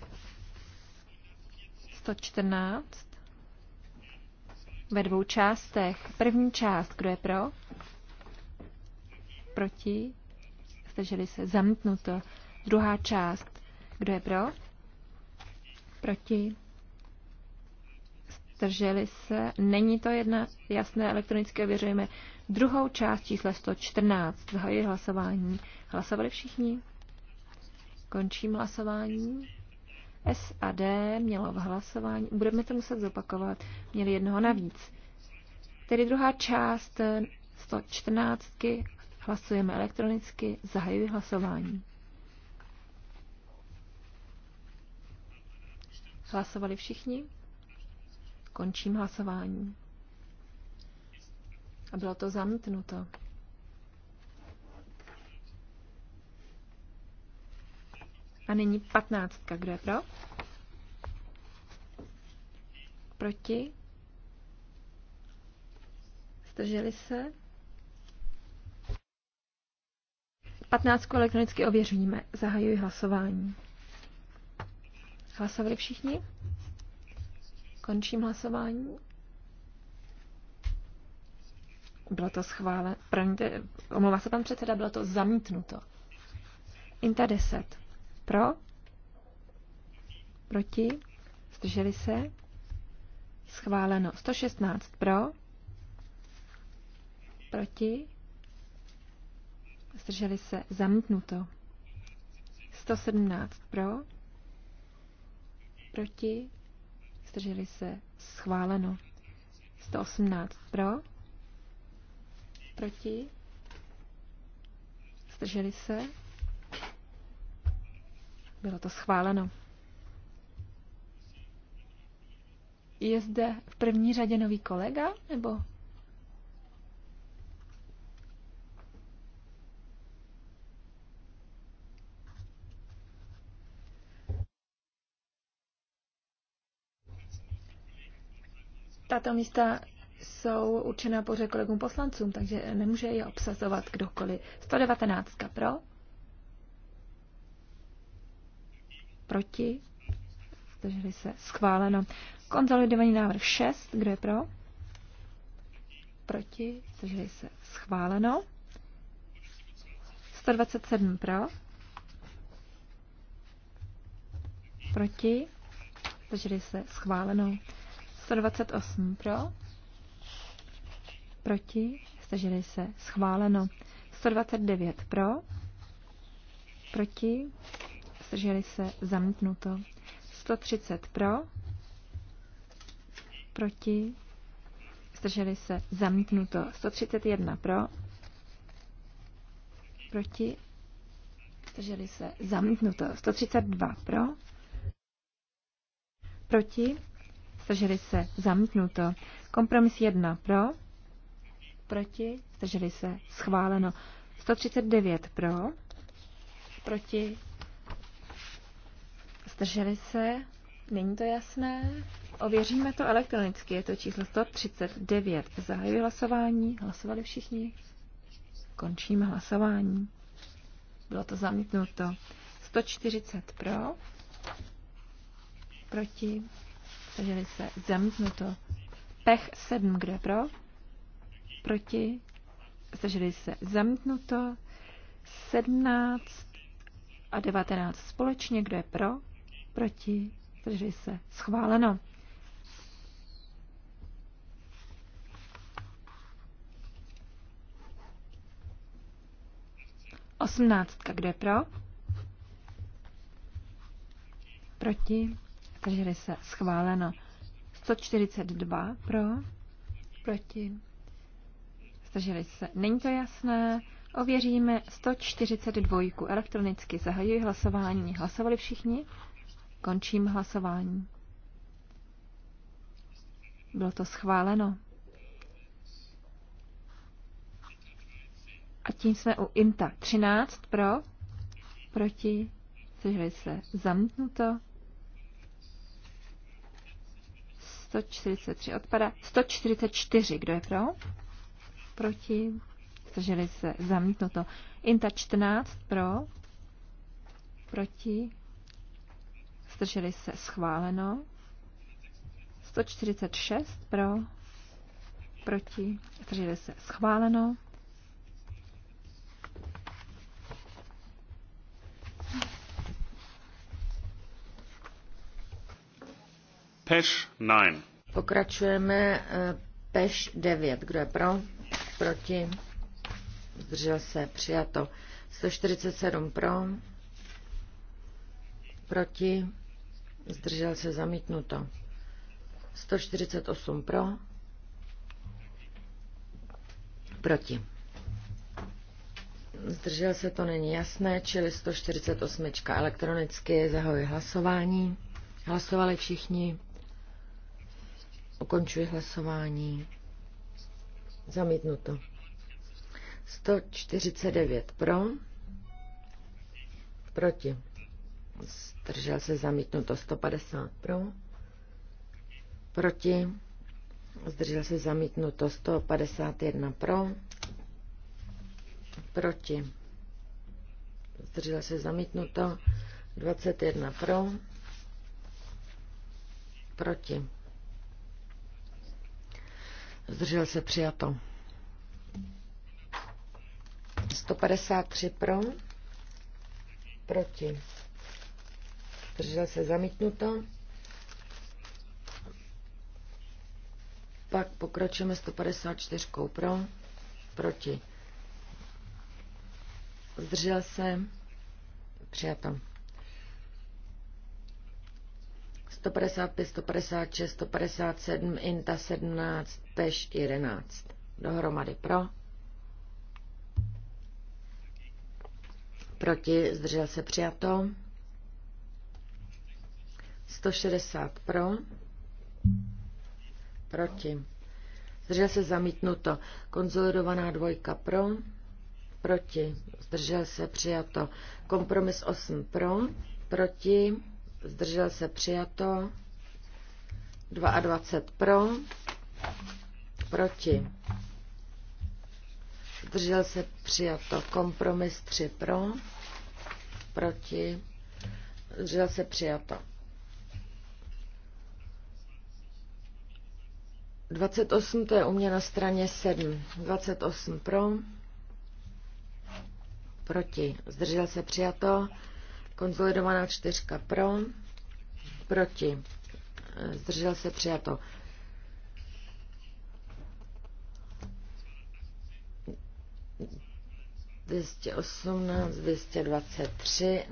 S3: 114 ve dvou částech. První část, kdo je pro? Proti? Zdrželi se. Zamítnuto. Druhá část, kdo je pro? Proti? Zdrželi se? Není to jedna jasné, elektronicky ověřujeme druhou část čísla 114. Zahajuji hlasování. Hlasovali všichni? Končím hlasování. S a D mělo v hlasování, budeme to muset zopakovat, měli jednoho navíc. Tedy druhá část 114. Hlasujeme elektronicky, zahajuji hlasování. Hlasovali všichni? Končím hlasování. A bylo to zamítnuto. A nyní patnáctka. Kdo je pro? Proti? Zdrželi se? Patnáctku elektronicky ověříme. Zahajuji hlasování. Hlasovali všichni? Končím hlasování. Bylo to schváleno. omlouvá se pan předseda, bylo to zamítnuto. Inta 10. Pro? Proti? Zdrželi se? Schváleno. 116. Pro? Proti? Zdrželi se? Zamítnuto. 117. Pro? Proti? Zdrželi se. Schváleno. 118 pro. Proti? Zdrželi se. Bylo to schváleno. Je zde v první řadě nový kolega, nebo Tato místa jsou určená pořád kolegům poslancům, takže nemůže je obsazovat kdokoliv. 119 pro. Proti. Zdrželi se. Schváleno. Konzolidovaný návrh 6. Kdo je pro? Proti. Zdrželi se. Schváleno. 127 pro. Proti. Zdrželi se. Schváleno. 128 pro, proti, zdrželi se, schváleno. 129 pro, proti, zdrželi se, zamítnuto. 130 pro, proti, zdrželi se, zamítnuto. 131 pro, proti, zdrželi se, zamítnuto. 132 pro, proti, zdrželi se, zamítnuto. Kompromis 1 pro, proti, zdrželi se, schváleno. 139 pro, proti, zdrželi se, není to jasné. Ověříme to elektronicky, je to číslo 139. Zahajuji hlasování, hlasovali všichni. Končíme hlasování. Bylo to zamítnuto. 140 pro, proti, Zdrželi se. Zamítnuto. Pech 7. Kdo je pro? Proti? Zdrželi se. Zamítnuto. 17 a 19 společně. Kdo je pro? Proti? Zdrželi se. Schváleno. Osmnáctka, kde pro? Proti? zdrželi se, schváleno. 142 pro, proti, zdrželi se. Není to jasné, ověříme 142 elektronicky, zahajuji hlasování. Hlasovali všichni? Končím hlasování. Bylo to schváleno. A tím jsme u INTA 13 pro, proti, zdrželi se, zamítnuto. 143 odpada. 144, kdo je pro? Proti? Zdrželi se zamítnuto. Inta 14 pro? Proti? Zdrželi se schváleno. 146 pro? Proti? Zdrželi se schváleno.
S1: Peš 9.
S2: Pokračujeme eh, Peš 9. Kdo je pro? Proti? Zdržel se. Přijato. 147 pro. Proti? Zdržel se. Zamítnuto. 148 pro. Proti. Zdržel se to není jasné, čili 148 elektronicky zahojí hlasování. Hlasovali všichni. Ukončuji hlasování. Zamítnuto. 149 pro. Proti. Zdržel se zamítnuto. 150 pro. Proti. Zdržel se zamítnuto. 151 pro. Proti. Zdržel se zamítnuto. 21 pro. Proti. Zdržel se přijato. 153 pro. Proti. Zdržel se zamítnuto. Pak pokračujeme 154 pro. Proti. Zdržel se přijato. 155, 156, 157, INTA 17, PEŠ 11. Dohromady pro. Proti zdržel se přijato. 160 pro. Proti. Zdržel se zamítnuto. Konzolidovaná dvojka pro. Proti. Zdržel se přijato. Kompromis 8 pro. Proti zdržel se přijato, 22 pro, proti, zdržel se přijato, kompromis 3 pro, proti, zdržel se přijato. 28 to je u mě na straně 7. 28 pro, proti, zdržel se přijato, Konzolidovaná čtyřka pro, proti, zdržel se přijato. Dvěstě osmnáct,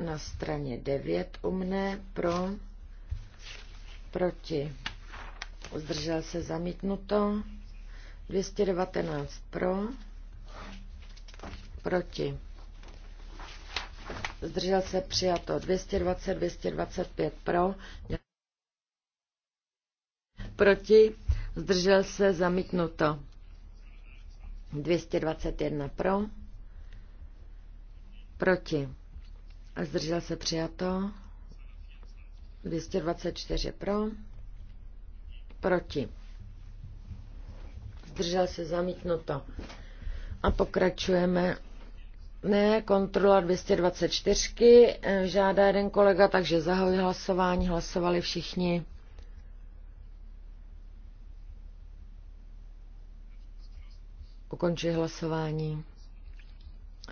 S2: na straně devět u mne pro, proti, zdržel se zamítnuto, 219 pro, proti zdržel se přijato 220, 225 pro, proti, zdržel se zamítnuto 221 pro, proti, zdržel se přijato 224 pro, proti, zdržel se zamítnuto. A pokračujeme ne, kontrola 224, eh, žádá jeden kolega, takže zahoj hlasování, hlasovali všichni. Ukončuji hlasování.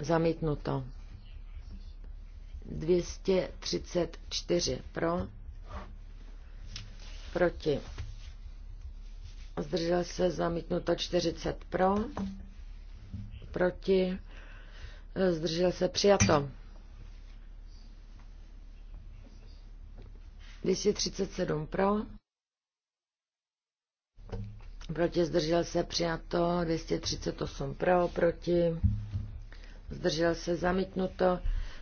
S2: Zamítnuto. 234 pro. Proti. Zdržel se zamítnuto 40 pro. Proti Zdržel se přijato. 237 pro. Proti zdržel se přijato. 238 pro. Proti. Zdržel se zamítnuto.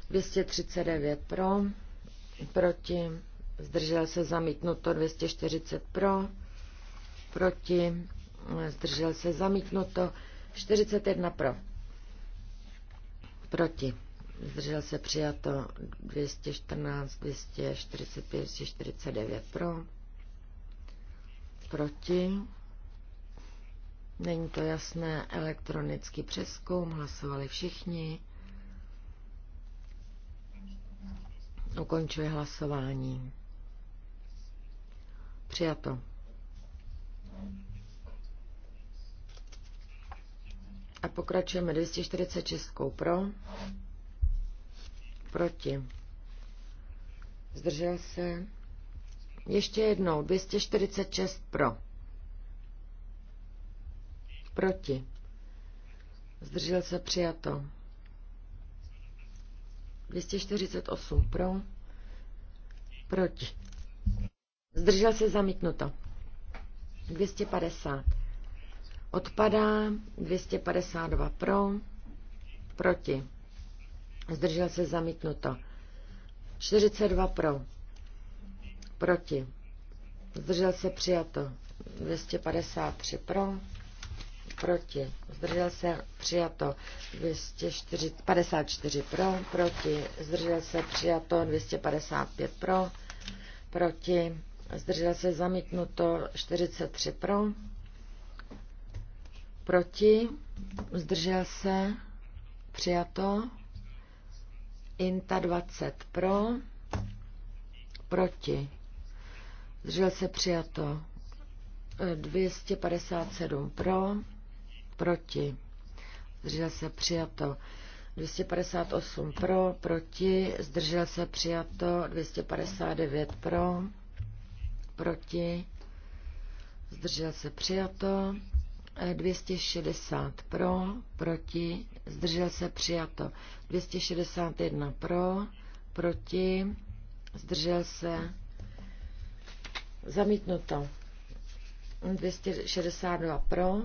S2: 239 pro. Proti. Zdržel se zamítnuto. 240 pro. Proti. Zdržel se zamítnuto. 41 pro Proti. Zdržel se přijato 214, 245, 249 pro. Proti. Není to jasné. Elektronický přeskum. Hlasovali všichni. Ukončuje hlasování. Přijato. A pokračujeme 246 pro. Proti. Zdržel se. Ještě jednou 246 pro. Proti. Zdržel se přijato. 248 pro. Proti. Zdržel se zamítnuto. 250 Odpadá 252 pro, proti. Zdržel se zamítnuto. 42 pro, proti. Zdržel se přijato. 253 pro, proti. Zdržel se přijato 254 pro, proti. Zdržel se přijato 255 pro, proti. Zdržel se zamítnuto 43 pro, Proti? Zdržel se? Přijato. Inta 20 pro. Proti. Zdržel se přijato. 257 pro. Proti. Zdržel se přijato. 258 pro, proti, zdržel se přijato, 259 pro, proti, zdržel se přijato, 260 pro, proti, zdržel se přijato. 261 pro, proti, zdržel se zamítnuto. 262 pro,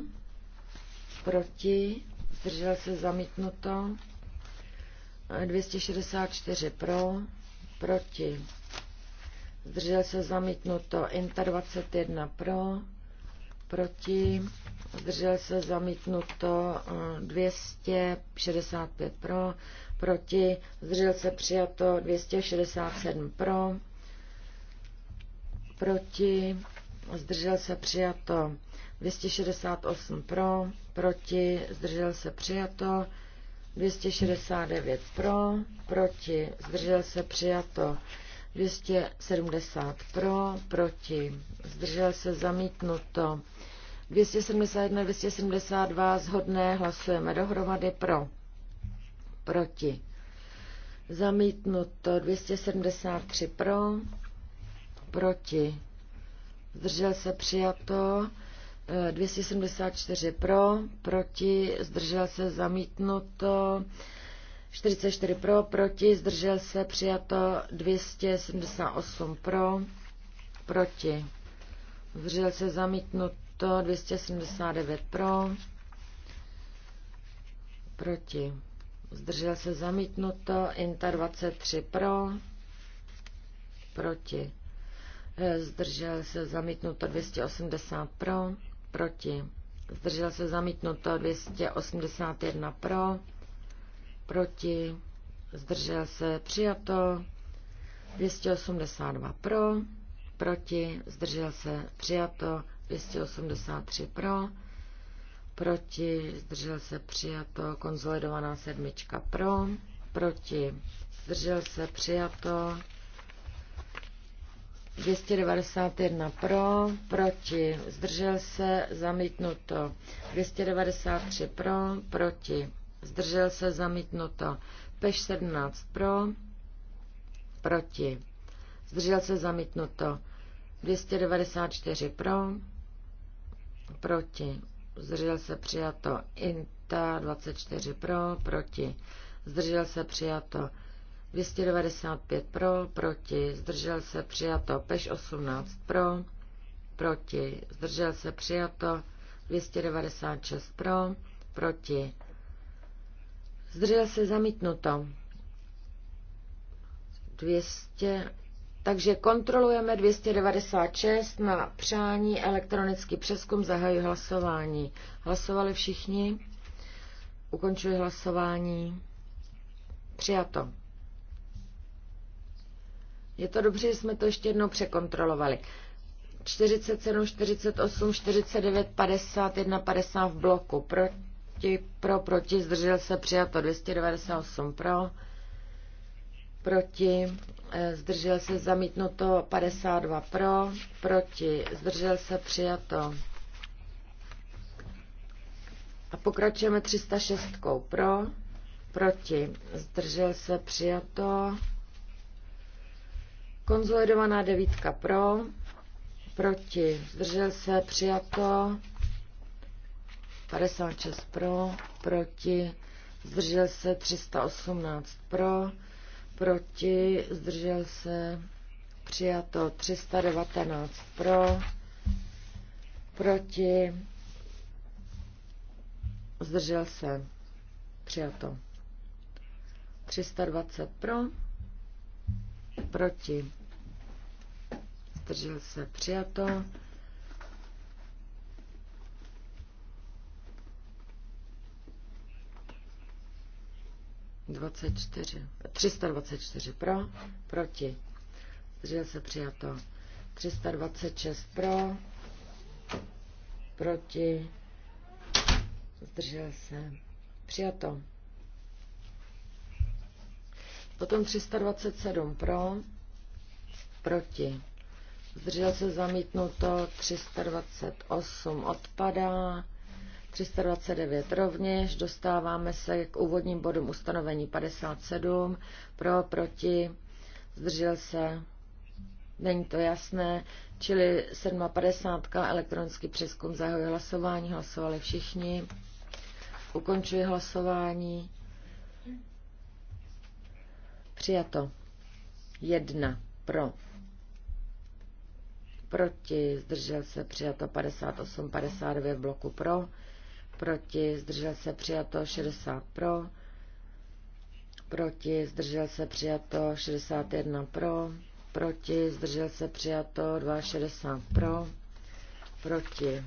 S2: proti, zdržel se zamítnuto. 264 pro, proti, zdržel se zamítnuto. Inter 21 pro, proti, zdržel se zamítnuto 265 eh, pro, proti, zdržel se přijato 267 pro, proti, zdržel se přijato 268 pro, proti, zdržel se přijato 269 pro, proti, zdržel se přijato 270 pro, proti, zdržel se zamítnuto 271, 272 zhodné, hlasujeme dohromady pro, proti. Zamítnuto 273 pro, proti. Zdržel se přijato 274 eh, pro, proti, zdržel se zamítnuto 44 pro, proti, zdržel se přijato 278 pro, proti. Zdržel se zamítnuto to 279 pro, proti. Zdržel se zamítnuto, Inta 23 eh, pro, proti. Zdržel se zamítnuto 280 pro, proti. Zdržel se zamítnuto 281 pro, proti. Zdržel se přijato 282 pro, proti. Zdržel se přijato 283 pro, proti, zdržel se přijato, konzolidovaná sedmička pro, proti, zdržel se přijato, 291 pro, proti, zdržel se, zamítnuto, 293 pro, proti, zdržel se, zamítnuto, peš 17 pro, proti, zdržel se, zamítnuto, 294 pro, proti, zdržel se přijato INTA 24 pro, proti, zdržel se přijato 295 pro, proti, zdržel se přijato PEŠ 18 pro, proti, zdržel se přijato 296 pro, proti, zdržel se zamítnuto 200 takže kontrolujeme 296 na přání elektronický přeskum zahají hlasování. Hlasovali všichni? Ukončuji hlasování. Přijato. Je to dobře, že jsme to ještě jednou překontrolovali. 47, 48, 49, 51, 50 v bloku. Proti, pro, proti, zdržel se, přijato 298 pro proti, eh, zdržel se zamítnuto 52 pro, proti, zdržel se přijato. A pokračujeme 306 pro, proti, zdržel se přijato. Konzolidovaná devítka pro, proti, zdržel se přijato. 56 pro, proti, zdržel se 318 pro, proti, zdržel se, přijato 319 pro, proti, zdržel se, přijato 320 pro, proti, zdržel se, přijato 24, 324 pro, proti, zdržel se přijato. 326 pro, proti, zdržel se, přijato. Potom 327 pro, proti, zdržel se zamítnuto, 328 odpadá, 329 rovněž. Dostáváme se k úvodním bodům ustanovení 57. Pro, proti, zdržel se. Není to jasné. Čili 7.50. elektronický přeskum zahajuje hlasování. Hlasovali všichni. Ukončuji hlasování. Přijato. Jedna pro. Proti zdržel se přijato 58, 59 v bloku pro proti, zdržel se přijato 60 pro, proti, zdržel se přijato 61 pro, proti, zdržel se přijato 62 pro, proti,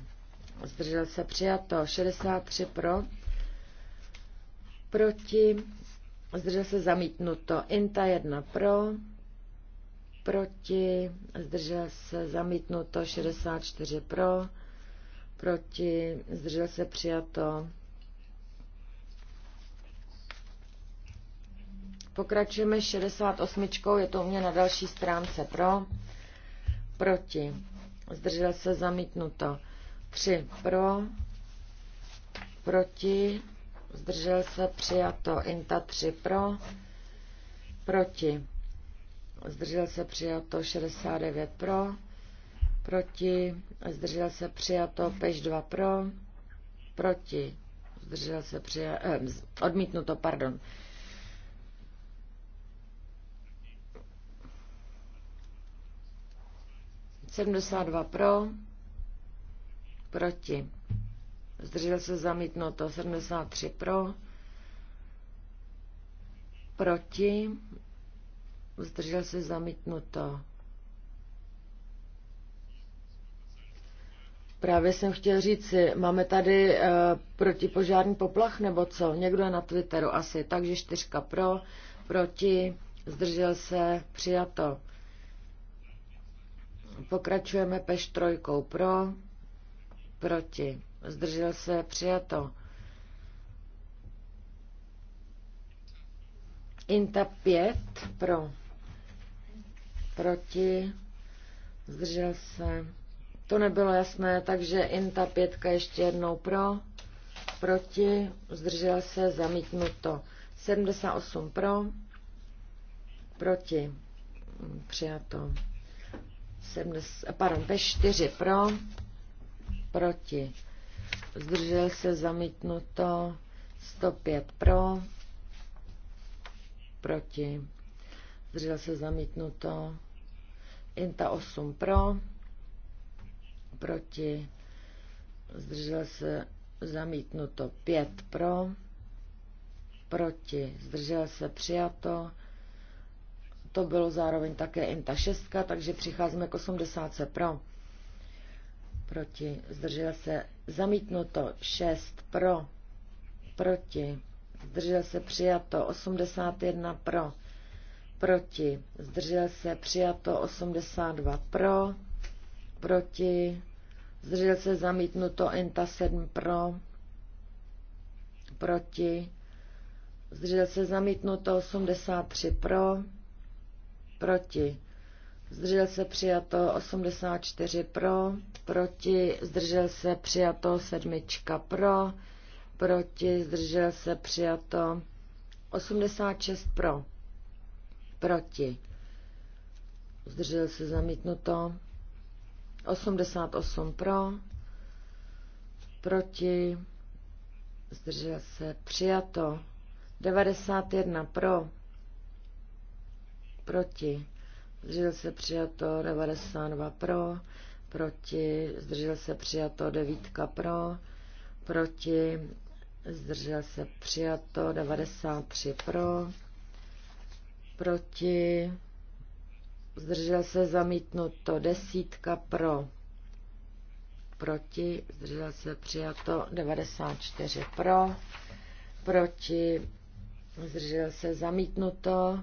S2: zdržel se přijato 63 pro, proti, zdržel se zamítnuto INTA 1 pro, proti, zdržel se zamítnuto 64 pro, proti, zdržel se přijato. Pokračujeme 68. Je to u mě na další stránce. Pro, proti, zdržel se zamítnuto. 3 pro, proti, zdržel se přijato. Inta 3 pro, proti, zdržel se přijato. 69 pro proti, zdržel se přijato, peš 2 pro, proti, zdržel se přijato, eh, odmítnuto, pardon. Sedmdesát dva pro, proti, zdržel se zamítnuto, 73 pro, proti, zdržel se zamítnuto, Právě jsem chtěl říct si, máme tady e, protipožární poplach nebo co? Někdo je na Twitteru asi, takže čtyřka pro, proti, zdržel se, přijato. Pokračujeme peš trojkou pro, proti, zdržel se, přijato. Inta 5 pro, proti, zdržel se, to nebylo jasné, takže INTA 5 ještě jednou pro, proti, zdržel se, zamítnuto. 78 pro, proti, mm, přijato. 70, pardon, P4 pro, proti, zdržel se, zamítnuto. 105 pro, proti, zdržel se, zamítnuto. INTA 8 pro, proti, zdržel se, zamítnuto 5 pro, proti, zdržel se, přijato. To bylo zároveň také INTA 6, takže přicházíme k 80 pro, proti, zdržel se, zamítnuto 6 pro, proti, zdržel se, přijato 81 pro, proti, zdržel se, přijato 82 pro, proti, zdržel se zamítnuto, Enta 7 pro, proti, zdržel se zamítnuto, 83 pro, proti, zdržel se přijato, 84 pro, proti, zdržel se přijato, 7 pro, proti, zdržel se přijato, 86 pro, proti, zdržel se zamítnuto, 88 pro, proti, zdržel se, přijato. 91 pro, proti, zdržel se, přijato. 92 pro, proti, zdržel se, přijato. 9 pro, proti, zdržel se, přijato. 93 pro, proti, zdržel se zamítnuto, desítka pro, proti, zdržel se přijato, 94 pro, proti, zdržel se zamítnuto.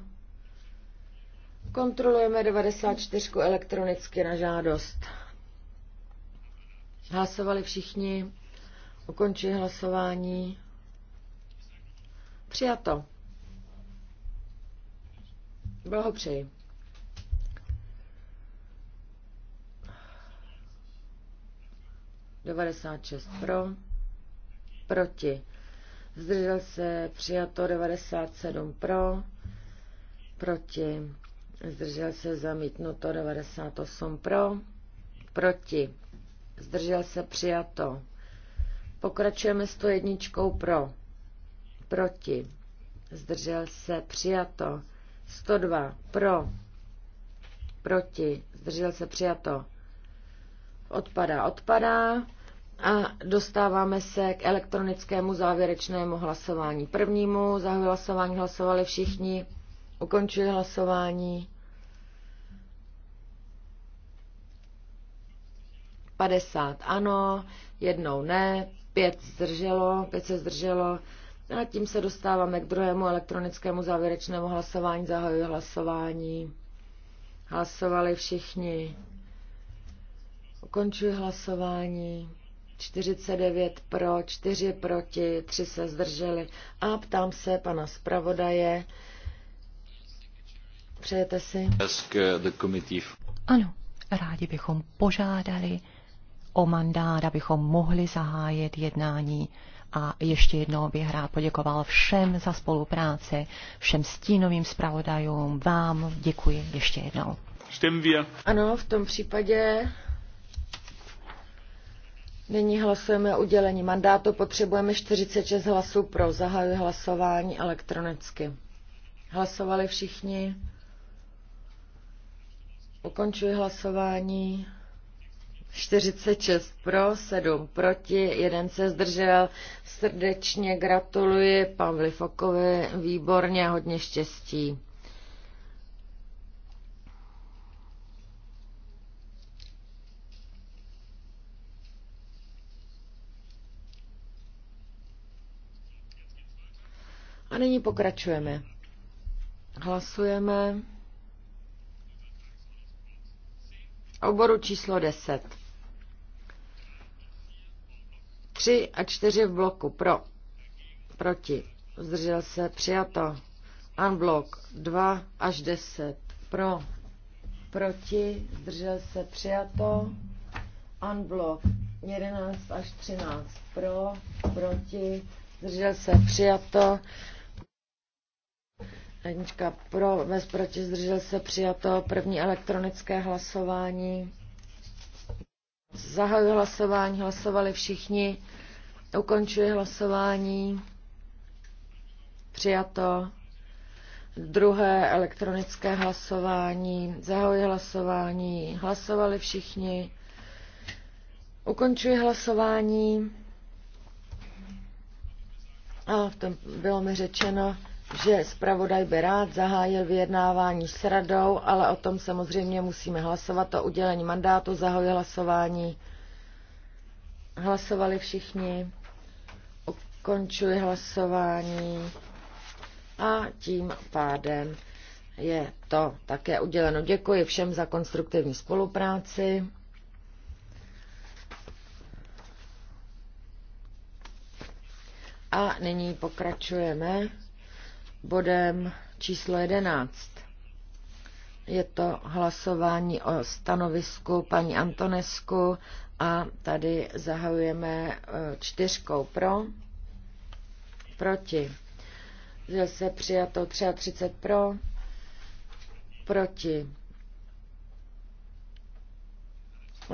S2: Kontrolujeme 94 elektronicky na žádost. Hlasovali všichni, ukončuji hlasování. Přijato. Blahopřeji. 96 pro, proti. Zdržel se přijato 97 pro, proti. Zdržel se zamítnuto 98 pro, proti. Zdržel se přijato. Pokračujeme 101 pro, proti. Zdržel se přijato. 102 pro, proti. Zdržel se přijato. Odpadá, odpadá. A dostáváme se k elektronickému závěrečnému hlasování. Prvnímu za hlasování hlasovali všichni. Ukončuji hlasování. 50 ano, jednou ne, pět zdrželo, pět se zdrželo. A tím se dostáváme k druhému elektronickému závěrečnému hlasování. Zahajuji hlasování. Hlasovali všichni. Ukončuji hlasování. 49 pro, 4 proti, 3 se zdrželi. A ptám se pana zpravodaje. Přejete si? Eh,
S4: ano, rádi bychom požádali o mandát, abychom mohli zahájit jednání. A ještě jednou bych rád poděkoval všem za spolupráci, všem stínovým zpravodajům, vám děkuji ještě jednou.
S1: Stimmen wir.
S2: Ano, v tom případě Nyní hlasujeme o udělení mandátu. Potřebujeme 46 hlasů pro. Zahajuji hlasování elektronicky. Hlasovali všichni. Ukončuji hlasování. 46 pro, 7 proti, jeden se zdržel. Srdečně gratuluji Pavli Fokovi, výborně, hodně štěstí. nyní pokračujeme. Hlasujeme oboru číslo 10. 3 a 4 v bloku pro, proti, zdržel se, přijato. Unblock 2 až 10 pro, proti, zdržel se, přijato. Unblock 11 až 13 pro, proti, zdržel se, přijato. Anička, pro, bez proti, zdržel se přijato první elektronické hlasování. Zahajuji hlasování, hlasovali všichni. Ukončuji hlasování. Přijato. Druhé elektronické hlasování. Zahajuji hlasování. Hlasovali všichni. Ukončuji hlasování. A v tom bylo mi řečeno, že zpravodaj by rád zahájil vyjednávání s radou, ale o tom samozřejmě musíme hlasovat o udělení mandátu, zahoj hlasování. Hlasovali všichni, ukončuji hlasování a tím pádem je to také uděleno. Děkuji všem za konstruktivní spolupráci. A nyní pokračujeme bodem číslo 11. Je to hlasování o stanovisku paní Antonesku a tady zahajujeme e, čtyřkou pro, proti. Že se přijato 33 pro, proti.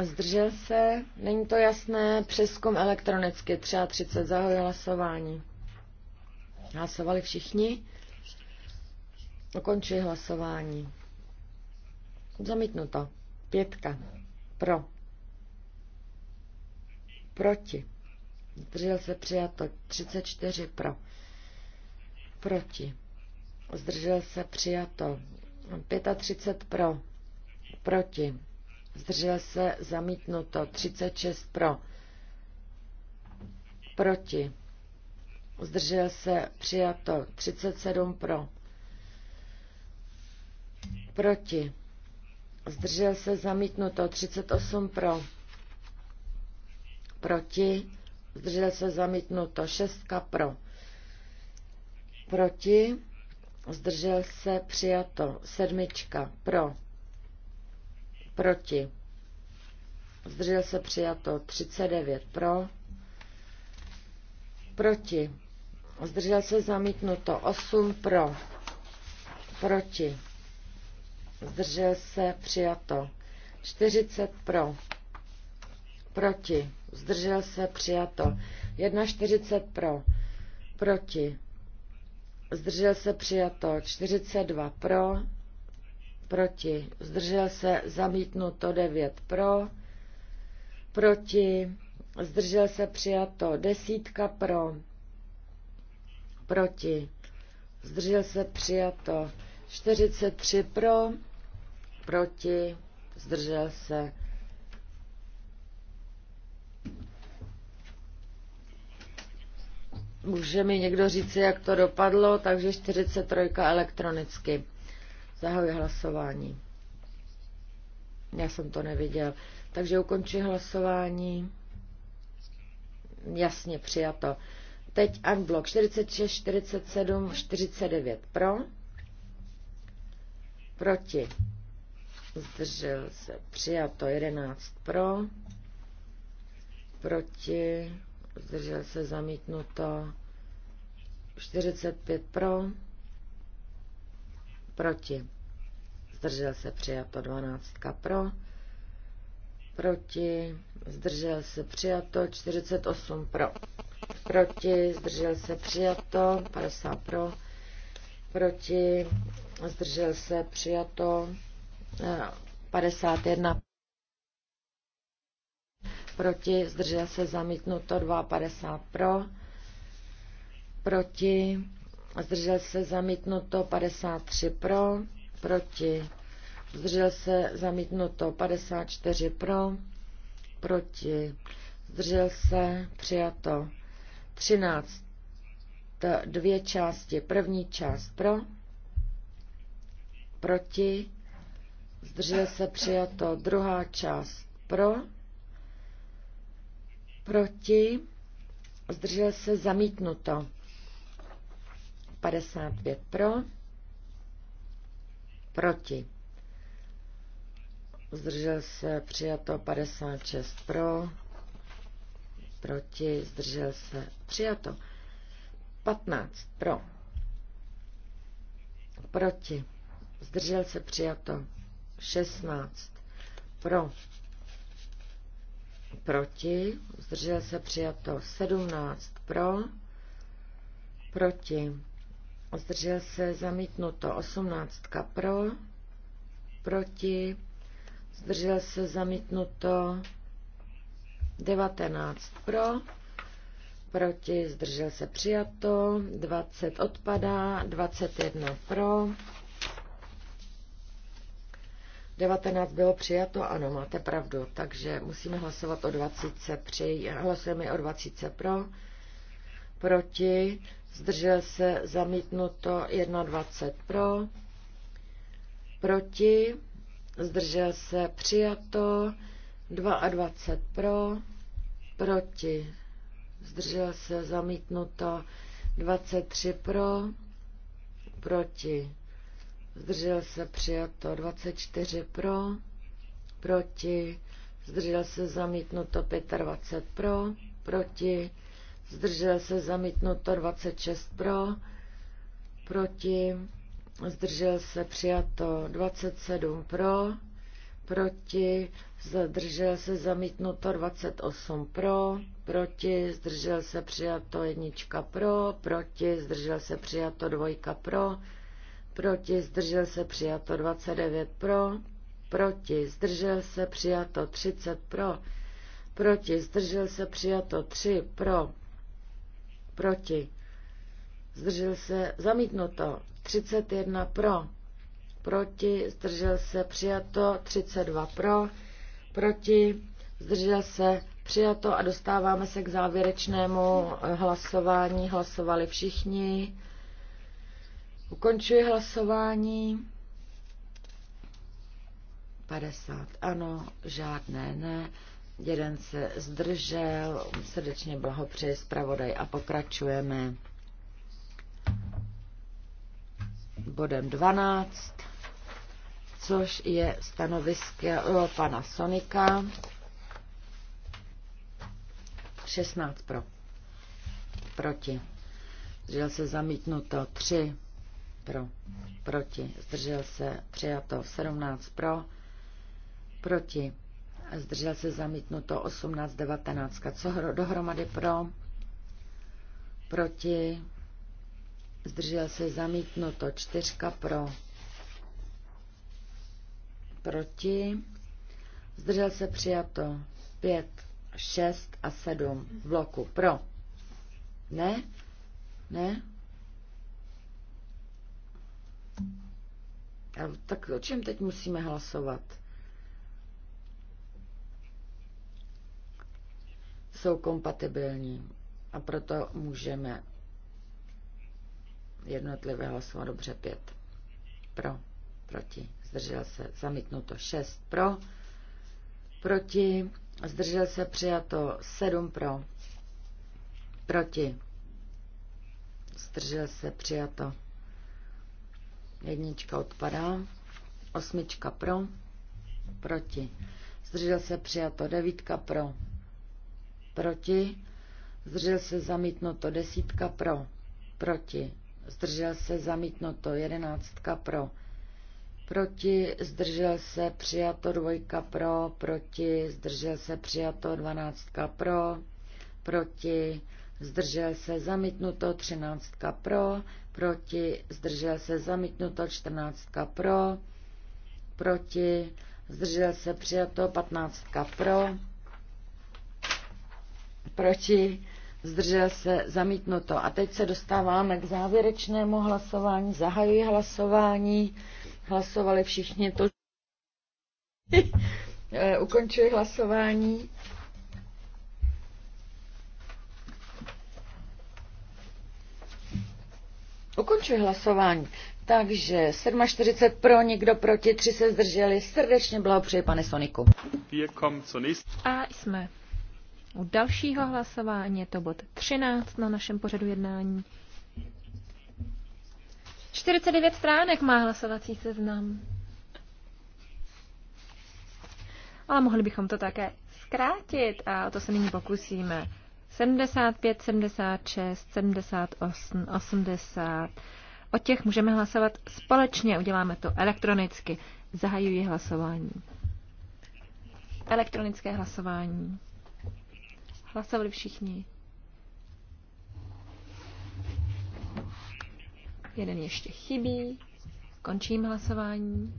S2: Zdržel se, není to jasné, přeskum elektronicky 33 zahajuje hlasování. Hlasovali všichni? Ukončuji hlasování. Zamítnuto. Pětka. Pro. Proti. Zdržel se přijato. 34 pro. Proti. Zdržel se přijato. 35 pro. Proti. Zdržel se zamítnuto. 36 pro. Proti. Zdržel se přijato. 37 pro Proti. Zdržel se zamítnuto. 38 pro. Proti. Zdržel se zamítnuto. 6 pro. Proti. Zdržel se přijato. Sedmička pro. Proti. Zdržel se přijato. 39 pro. Proti. Zdržel se zamítnuto. 8 pro. Proti zdržel se, přijato. 40 pro, proti, zdržel se, přijato. 41 pro, proti, zdržel se, přijato. 42 pro, proti, zdržel se, zamítnuto. 9 pro, proti, zdržel se, přijato. Desítka pro, proti, zdržel se, přijato. 43 pro, proti, zdržel se. Může mi někdo říci, jak to dopadlo, takže 43 elektronicky. Zahajuji hlasování. Já jsem to neviděl. Takže ukončuji hlasování. Jasně, přijato. Teď unblock 46, 47, 49 pro. Proti zdržel se přijato 11 pro, proti, zdržel se zamítnuto 45 pro, proti, zdržel se přijato 12 pro, proti, zdržel se přijato 48 pro, proti, zdržel se přijato 50 pro, proti, zdržel se přijato 51 proti, zdržel se zamítnuto 52 pro, proti, zdržel se zamítnuto 53 pro, proti, zdržel se zamítnuto 54 pro, proti, zdržel se přijato 13 dvě části, první část pro, proti, zdržel se přijato. Druhá část pro, proti, zdržel se zamítnuto. 55 pro, proti. Zdržel se přijato 56 pro, proti, zdržel se přijato 15 pro, proti, zdržel se přijato 16. Pro. Proti. Zdržel se přijato. 17. Pro. Proti. Zdržel se zamítnuto. 18. Pro. Proti. Zdržel se zamítnuto. 19. Pro. Proti. Zdržel se přijato. 20 odpadá. 21 pro 19 bylo přijato, ano, máte pravdu, takže musíme hlasovat o 20 při, hlasujeme o 20 pro, proti, zdržel se zamítnuto 21 pro, proti, zdržel se přijato 22 pro, proti, zdržel se zamítnuto 23 pro, proti zdržel se přijato 24 pro, proti, zdržel se zamítnuto 25 pro, proti, zdržel se zamítnuto 26 pro, proti, zdržel se přijato 27 pro, proti, zdržel se zamítnuto 28 pro, proti, zdržel se přijato jednička pro, proti, zdržel se přijato dvojka pro, proti, zdržel se přijato 29 pro, proti, zdržel se přijato 30 pro, proti, zdržel se přijato 3 pro, proti, zdržel se zamítnuto 31 pro, proti, zdržel se přijato 32 pro, proti, zdržel se přijato a dostáváme se k závěrečnému hlasování. Hlasovali všichni. Ukončuji hlasování. 50 ano, žádné ne. Jeden se zdržel. Srdečně blahopřeji zpravodaj a pokračujeme bodem 12, což je stanovisko pana Sonika. 16 pro. Proti. Zdržel se zamítnuto 3 pro, proti, zdržel se, přijato 17 pro, proti, zdržel se zamítnuto 18, 19, co dohromady pro, proti, zdržel se zamítnuto 4 pro, proti, zdržel se přijato 5, 6 a 7 bloku pro, ne, ne, Tak o čem teď musíme hlasovat? Jsou kompatibilní a proto můžeme jednotlivě hlasovat dobře pět. Pro, proti, zdržel se, zamítnuto šest pro, proti, zdržel se, přijato sedm pro, proti, zdržel se, přijato Jednička odpadá. Osmička pro. Proti. Zdržel se přijato. Devítka pro. Proti. Zdržel se zamítnuto. Desítka pro. Proti. Zdržel se zamítnuto. Jedenáctka pro. Proti. Zdržel se přijato. Dvojka pro. Proti. Zdržel se přijato. Dvanáctka pro. Proti. Zdržel se zamítnuto. Třináctka pro proti, zdržel se zamítnuto, 14 pro, proti, zdržel se přijato, 15 pro, proti, zdržel se zamítnuto. A teď se dostáváme k závěrečnému hlasování, zahajuji hlasování, hlasovali všichni to. Eh, ukončuji hlasování. Ukončuji hlasování. Takže 47 pro, nikdo proti, tři se zdrželi. Srdečně
S3: blahopřeji, pane Soniku.
S2: A jsme u dalšího
S3: hlasování, je to bod 13 na našem pořadu jednání. 49 stránek má hlasovací seznam. Ale mohli bychom to také zkrátit a o to se nyní pokusíme. 75, 76, 78, 80. O těch můžeme hlasovat společně, uděláme to elektronicky. Zahajuji hlasování. Elektronické hlasování. Hlasovali všichni. Jeden ještě chybí. Končím hlasování.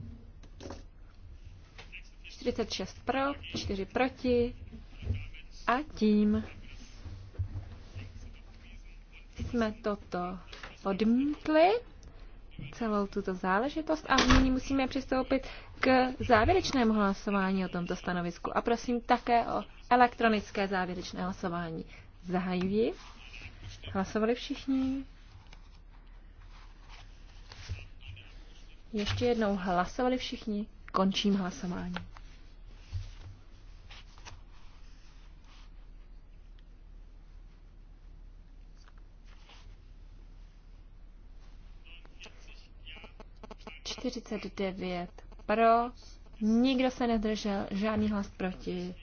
S3: 46 pro, 4 proti. A tím jsme toto odmítli, celou tuto záležitost a nyní musíme přistoupit k závěrečnému hlasování o tomto stanovisku. A prosím také o elektronické závěrečné hlasování. Zahajuji. Hlasovali všichni? Ještě jednou hlasovali všichni. Končím hlasování. 49 pro, nikdo se nedržel, žádný hlas proti.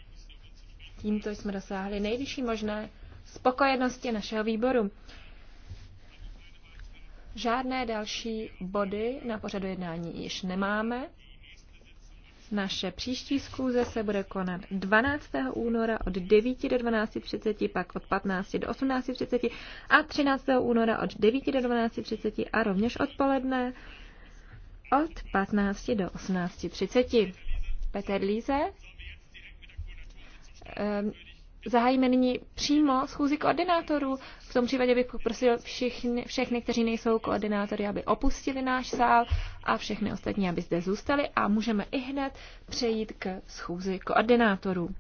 S3: Tímto jsme dosáhli nejvyšší možné spokojenosti našeho výboru. Žádné další body na pořadu jednání již nemáme. Naše příští zkůze se bude konat 12. února od 9 do 12.30, pak od 15 do 18.30 a 13. února od 9 do 12.30 a rovněž odpoledne od 15 do 18.30. Peter Líze. Ehm, zahájíme nyní přímo schůzi koordinátorů. V tom případě bych poprosil všichni, všechny, kteří nejsou koordinátory, aby opustili náš sál a všechny ostatní, aby zde zůstali a můžeme i hned přejít k schůzi koordinátorů.